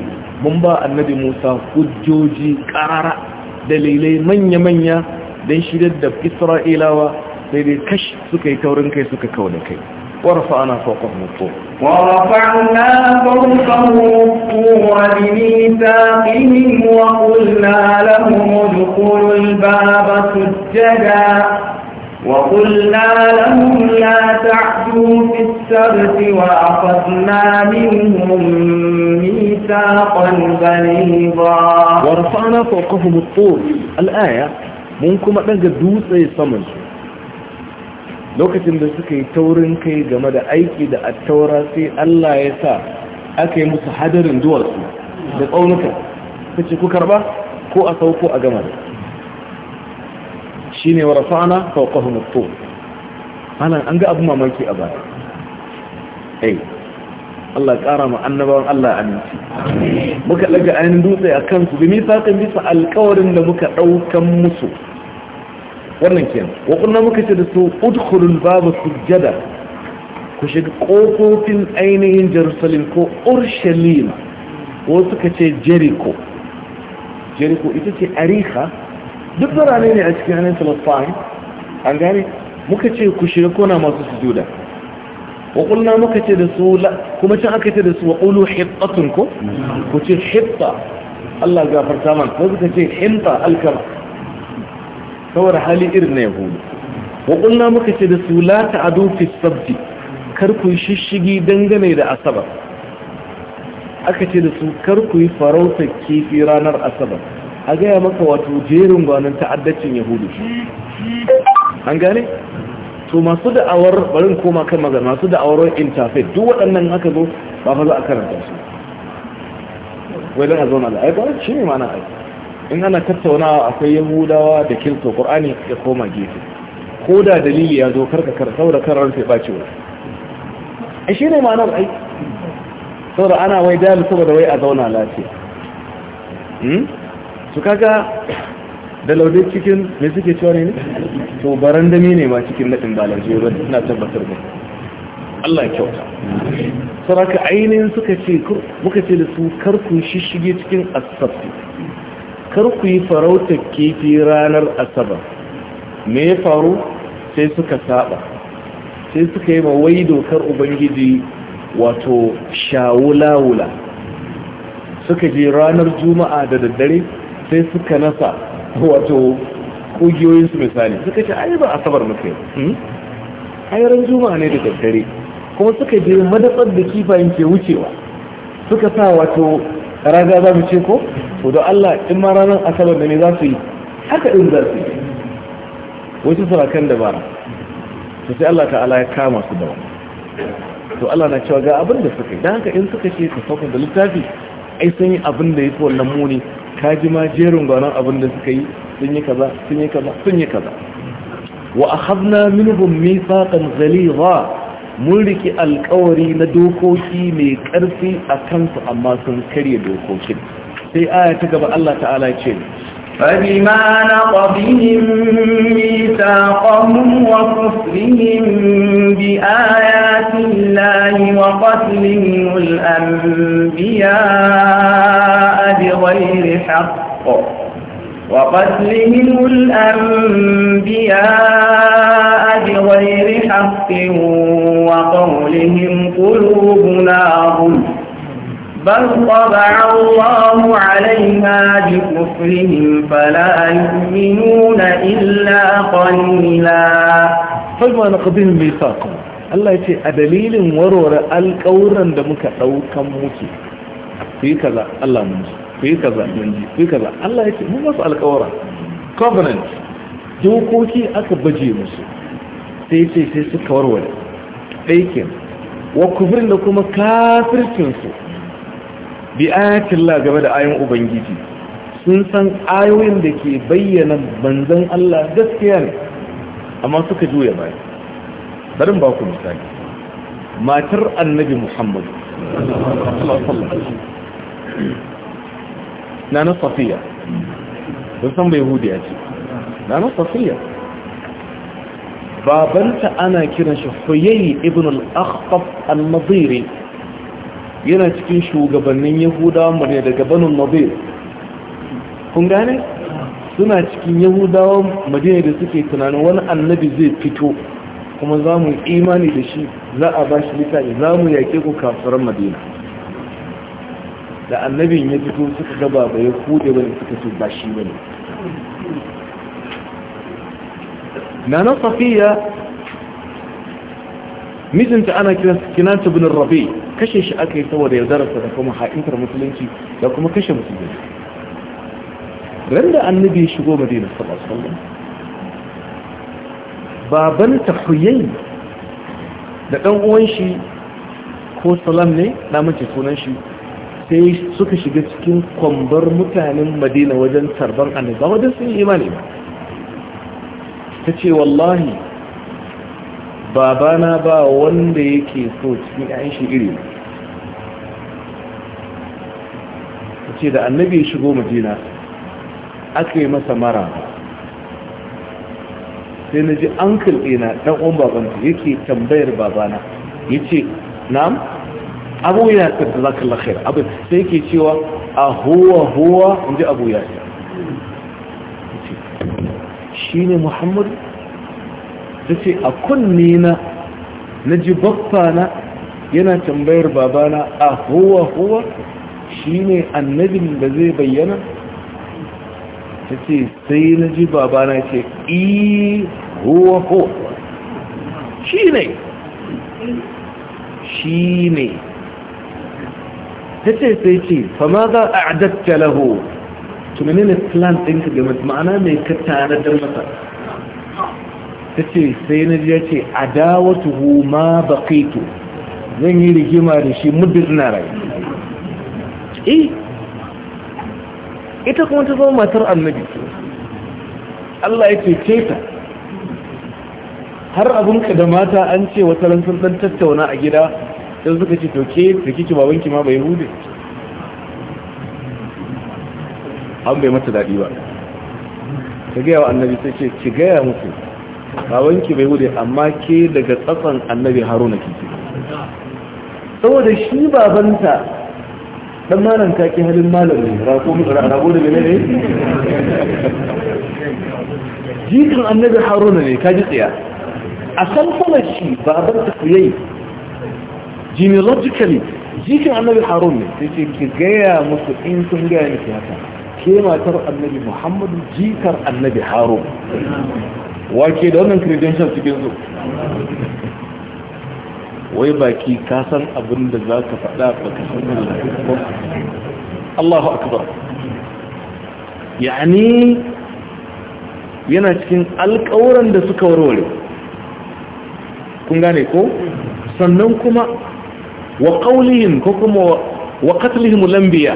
S1: منبا النبي موسى فجوجي كارا دليلي منيا منيا دنشدد في إسرائيل سيدي كش سكي تورنكي سكي كودكي ورفعنا فوقهم الطور
S4: ورفعنا فوقهم الطور بميثاقهم وقلنا لهم ادخلوا الباب سجدا وقلنا لهم لا تعدوا في السبت وأخذنا
S1: منهم ميثاقا غليظا ورفعنا فوقهم الطور الآية ممكن أتنقى دوس أي صمن لو كتن بسكي تورن كي جمد أيكي دا التورا في الله يسا أكي متحدر دوال سي بقونك فتشكو كربا كو أصوكو أجمد shine wa rafa'na fawqahum at-tur anan an ga abu mamaki a ba ai Allah ƙara ma annabawan Allah aminci muka daga ainihin dutse a kansu bi misaƙin bisa alƙawarin da muka ɗaukan musu wannan kenan wa kunna muka ce da su udkhulul baba sujjada ku shiga kofofin ainihin Jerusalem ko Urshalima ko suka ce Jericho Jericho ita ce Ariha duk da rane ne a cikin hannun palestine an gane muka ce ku shiga kona masu sujuda wa kulna muka ce da su kuma can aka ce da su wa qulu hittatun ko ku ce hitta Allah gafarta man ko suka ce hinta alkama saboda hali irin na yahudu wa kulna muka ce da su la ta'adu fi sabti kar ku shishigi dangane da asabar aka ce da su kar ku yi farauta kifi ranar asabar a gaya maka wato jerin gwanin ta'addacin yahudu an gane to masu da'awar barin koma kan magana masu da'awar interfaith duk waɗannan haka zo ba fa za a karanta su wai don a zauna da aiki shi ne mana aiki in ana tattaunawa akwai yahudawa da kirto ƙur'ani ya koma gefe ko da dalili ya zo karka kar saboda karar sai ɓace wani a shi ne ma'anar aiki saboda ana wai dalil saboda wai a zauna lafiya hmm? su kaga da laudai cikin me suke cewa ne to barandami ne ma cikin nadin ba ba ina tabbatar ba. Allah ya kyauta saraka ainihin suka ce muka ce da su karku shishige cikin asafi karku yi farautar kifi ranar asabar me ya faru sai suka saba sai suka yi mawai dokar ubangiji wato shawula-wula suka je ranar juma'a da daddare sai suka nasa wato su misali suka ce ai ba asabar muke yi hmm? ran juma ne da daddare kuma suka je madafar da kifayen ke wucewa suka sa wato raga za mu ce ko to don Allah in ma ranar asabar ne za su yi haka in za su yi wasu sarakan dabara to sai Allah ta'ala ya kama su da wani to Allah na cewa ga abin da suka yi dan haka in suka ce ka sauka da littafi ai sun yi abin da ya fi wannan muni ka ji ma jerin gwanon abin da suka yi sun yi kaza sun yi kaza sun yi kaza wa akhadna minhum mithaqan ghaliza mun riki alƙawari na dokoki mai ƙarfi a kansu amma sun karya dokokin sai aya ta gaba Allah ta'ala ce
S4: فبما نقضهم ميثاقهم وكفرهم بآيات الله وقتلهم الأنبياء بغير حق وقتلهم الأنبياء بغير حق وقولهم قلوبنا غلف بل طبع الله عليها بكفرهم فلا يؤمنون إلا
S1: قليلا فلما نقضيهم ميثاقا Allah ya ce a dalilin warware alƙawuran da muka ɗaukan muke ku yi kaza Allah mun ji ku yi kaza mun ji ku kaza Allah ya ce mun masu covenant dokoki aka baje musu sai ce sai suka warware ɗaikin wa da kuma su. bi ayatin Allah game da ayon ubangiji sun san ayoyin da ke bayyana banzan Allah gaskiya ne amma suka juya bai bari ba ku misali matar annabi Muhammad na na safiya don san bai ya ce na na safiya babanta ana kiran shi huyayi ibn al-akhtab al-nadiri yana cikin shugabannin yahudawan ne daga banin nabil kun gane suna cikin yahudawan madina da suke tunanin wani annabi zai fito kuma za mu imani da shi za a ba shi littafi za mu yake ku kasuwar madina da annabin ya fito suka gaba ba ya kuɗe wani suka su ba shi wani na na safiya mijinta ana kinanta bin rabi kashe shi aka yi saboda yaudararsa da kuma ha'intar musulunci da kuma kashe musulunci ran da annabi ya shigo madina sallallahu alaihi baban ta da dan uwanshi ko salam ne da mace sunan shi sai suka shiga cikin kwambar mutanen madina wajen tarbar annabi ba wajen sun yi imani ba ta ce wallahi babana ba wanda yake so cikin ‘ya'yan shi iri ce da annabi shigo majina aka yi masa mara sai na ji an ɗina ɗan ƙon babanta yake tambayar babana ya ce nam abu ya tsirta za ka lakhir abu sai ke cewa a huwa huwa ji abu ya shi ne muhammadu ta ce a kunni na na ji baffana yana tambayar babana a huwa huwa shi ne annabin da zai bayyana ta ce sai na ji babana ce i huwa huwa shi ne shi ne ta ce sai ce fama za a adatta laho tunanin plan ɗinka game ma'ana mai ka tare don masa ta ce sai na ji ya ce a dawatuhu ma bakaito zan yi rigima da shi muddin ina rayu. eh ita kuma ta zama matar annabi Allah ya ce ta har ka da mata an ce wata rantsar ɗan tattauna a gida sai suka ce toke da kiki babanki ma bai hude an bai mata daɗi ba ta gaya wa annabi sai ce ki gaya musu kawanki bai wuce amma ke daga tsatsan annabi haruna kike saboda shi babanta dan malam ta ke halin malam ne rago rago da mene ne jikin annabi haruna ne kaji tsaya a san kuma shi babanta ku yayi genealogically jikin annabi Haruna ne sai ce ki gaya musu in sun gaya ke haka ke matar annabi muhammadu jikar annabi Haruna. wake da wannan credentials cikin su wai baki ka san abin da za ka faɗa ba ka san Allahu akbar yani yana cikin alƙawuran da suka warware kun gane ko sannan kuma wa qaulihim ko kuma wa katlihim lambiya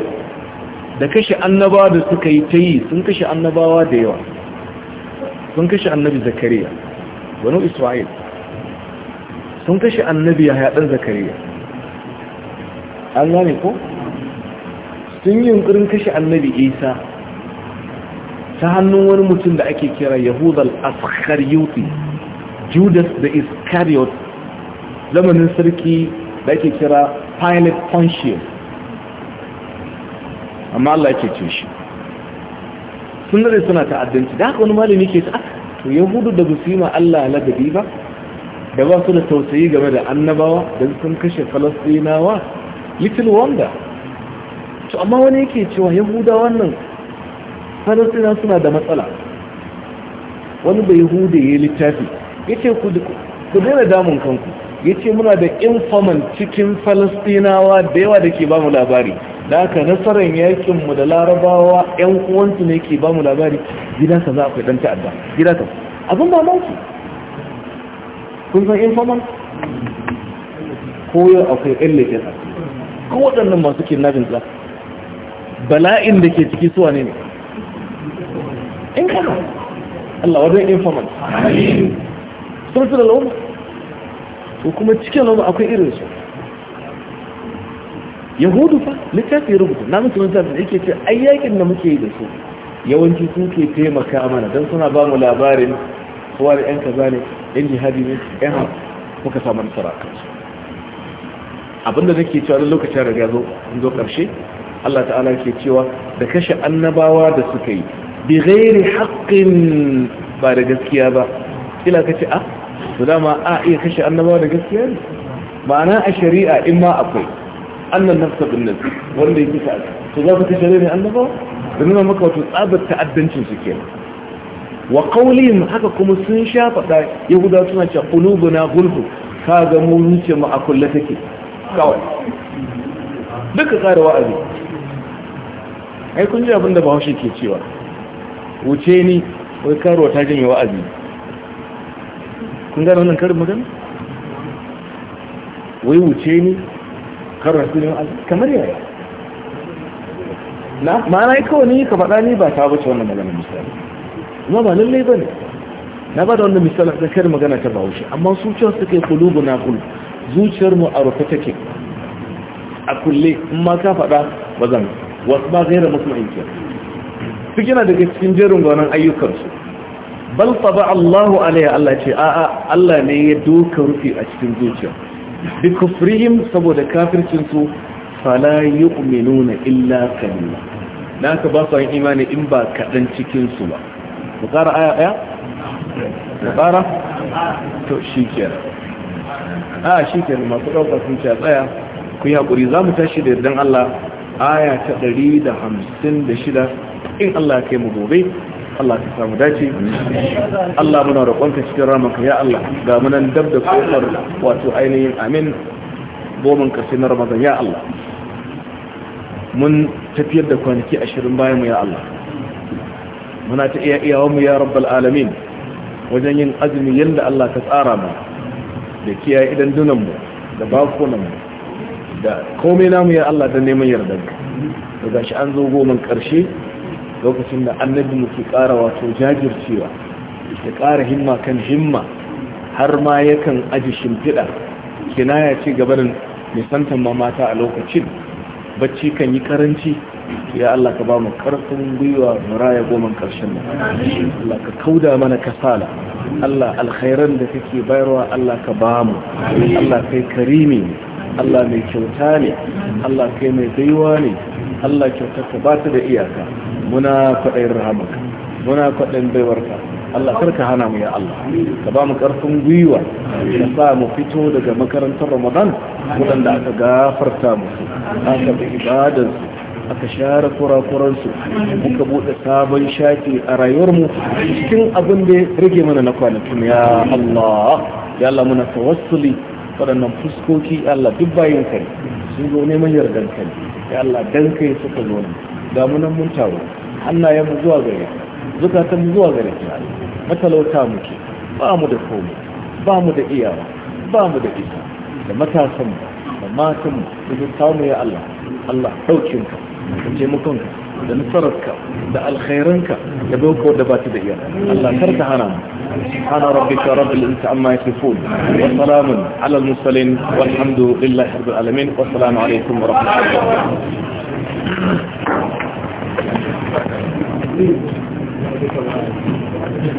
S1: da kashe annabawa da suka yi tayi sun kashe annabawa da yawa sun kashe annabi zakariya banu isra'il sun kashe annabi ya haɗar zakariya an gane ko sun yi yunkurin kashe annabi isa ta hannun wani mutum da ake kira yahudal yuti judas da iskariot zamanin sarki da ake kira pilot pontius amma Allah ya ce shi sun zai suna ta'addanci da haka wani malami ke ta ah, to yahudu da musulma Allah ladabi ba da ba su da tausayi game da annabawa da sun kashe falastinawa little wonder to amma wani yake cewa yahuda wannan falastina suna da matsala wani bai yahuda ya littafi ya ce ku daina damun kanku ya ce muna da infaman cikin falastinawa da yawa da ke ba mu labari da aka nasarar yakinmu da larabawa yan uwansu ne ke mu labari gida za a kai dan ta'adda gida Abin abin mamaki kun san informant koyar akwai yan lafiyar a ko waɗannan masu ke nabin za bala'in da ke ciki suwa ne ne in kama Allah wajen informant sun su da lauma ko kuma cikin lauma akwai irinsu yahudu fa littafi rubuta na mutum littafin yake ce ayyakin da muke da su yawanci sun ke taimaka mana don suna ba mu labarin kowa da 'yan kaza ne 'yan jihadi ne 'yan hau muka samu nasara kansu abinda nake cewa don lokacin riga zo zo karshe Allah ta'ala ke cewa da kashe annabawa da suka yi bi ghairi haqqin ba da gaskiya ba kila kace a ah, to dama a iya kashe annabawa da gaskiya ne ma'ana a shari'a in ma akwai annan nafsa bin nan wanda yake ta to za ku kashe rai ne annaba da nuna maka wato tsabar ta'addancin su kenan wa qawlihim haka kuma sun sha fada yahuda suna cewa qulubuna gulfu kaga mu ce mu a kulle take kawai duka kare wa'azi ai kun ji abin da bahaushe ke cewa wuce ni wai karo ta janye wa'azi kun gane wannan karin magana wai wuce ni kan rasulun kamar yaya na ma'ana yi kawai ni ka faɗa ni ba ta wuce wannan magana misali kuma ba lallai ba ne na ba da wannan misali a tsakiyar magana ta wuce amma zuciyar suka yi kulubu na kulu zuciyar mu a rufe take a kulle in ma ka faɗa ba zan wasu ba gaira musulmin ke su gina daga cikin jerin gwanon ayyukansu bal ba Allahu alaihi Allah ce a'a Allah ne ya doka rufi a cikin zuciya bi kufrihim saboda kafircin su fala yu'minuna illa qalila dan ka ba su yin imani in ba kadan cikin su ba Ku ƙara aya daya ku ƙara to shi ke ma masu dauka sun ce tsaya ku yi hakuri za mu tashi da yardan Allah aya ta 156 in Allah ya kai mu gobe Allah ta samu dace Allah muna ka cikin ramanka ya Allah ga munan dab da kofar wato ainihin amin goman ka sai na Ramadan ya Allah mun tafiyar da kwanaki ashirin bayan mu ya Allah muna ta iya iya mu ya rabbal alamin wajen yin azumi yadda Allah ka tsara mu da kiyaye idan dunan mu da bakunan mu da komai namu ya Allah da neman yardanka to gashi an zo goma karshe lokacin da annabi yake kara wato jajircewa ya ƙara himma kan himma har ma yakan aji shimfiɗa kina ya ce gabanin nisantan ma mata a lokacin bacci kan yi karanci ya Allah ka ba mu karfin gwiwa muraya goman karshen nan Allah ka kauda mana kasala Allah alkhairan da kake bayarwa Allah ka ba mu Allah kai karimi Allah mai kyauta ne Allah kai mai baiwa ne Allah kyautarka ba ta da iyaka muna kwaɗayin rahamaka muna kwaɗayin baiwarka Allah karka hana mu ya Allah ka ba mu ƙarfin gwiwa ka sa mu fito daga makarantar Ramadan waɗanda aka gafarta musu aka bi su, aka share kurakuransu muka buɗe sabon shaki a rayuwarmu cikin abin da rage mana na kwanakin ya Allah ya Allah muna tawassuli waɗannan fuskoki Allah duk bayin kai sun zo neman yardan kai ya Allah dan kai suka zo ne ga mu nan mun taro ya mu zuwa gare zukatan mu zuwa gare ki matalauta muke ba mu da komai ba mu da iyawa ba mu da isa da matasan mu da matan mu da zuta mu ya Allah Allah daukin ka da taimakon ka da nasararka da alkhairanka da bauko da ba ta da iyawa Allah kar ta hana mu سبحان ربك رب الإنس عما يصفون وسلام على المرسلين والحمد لله رب العالمين والسلام عليكم ورحمة
S2: الله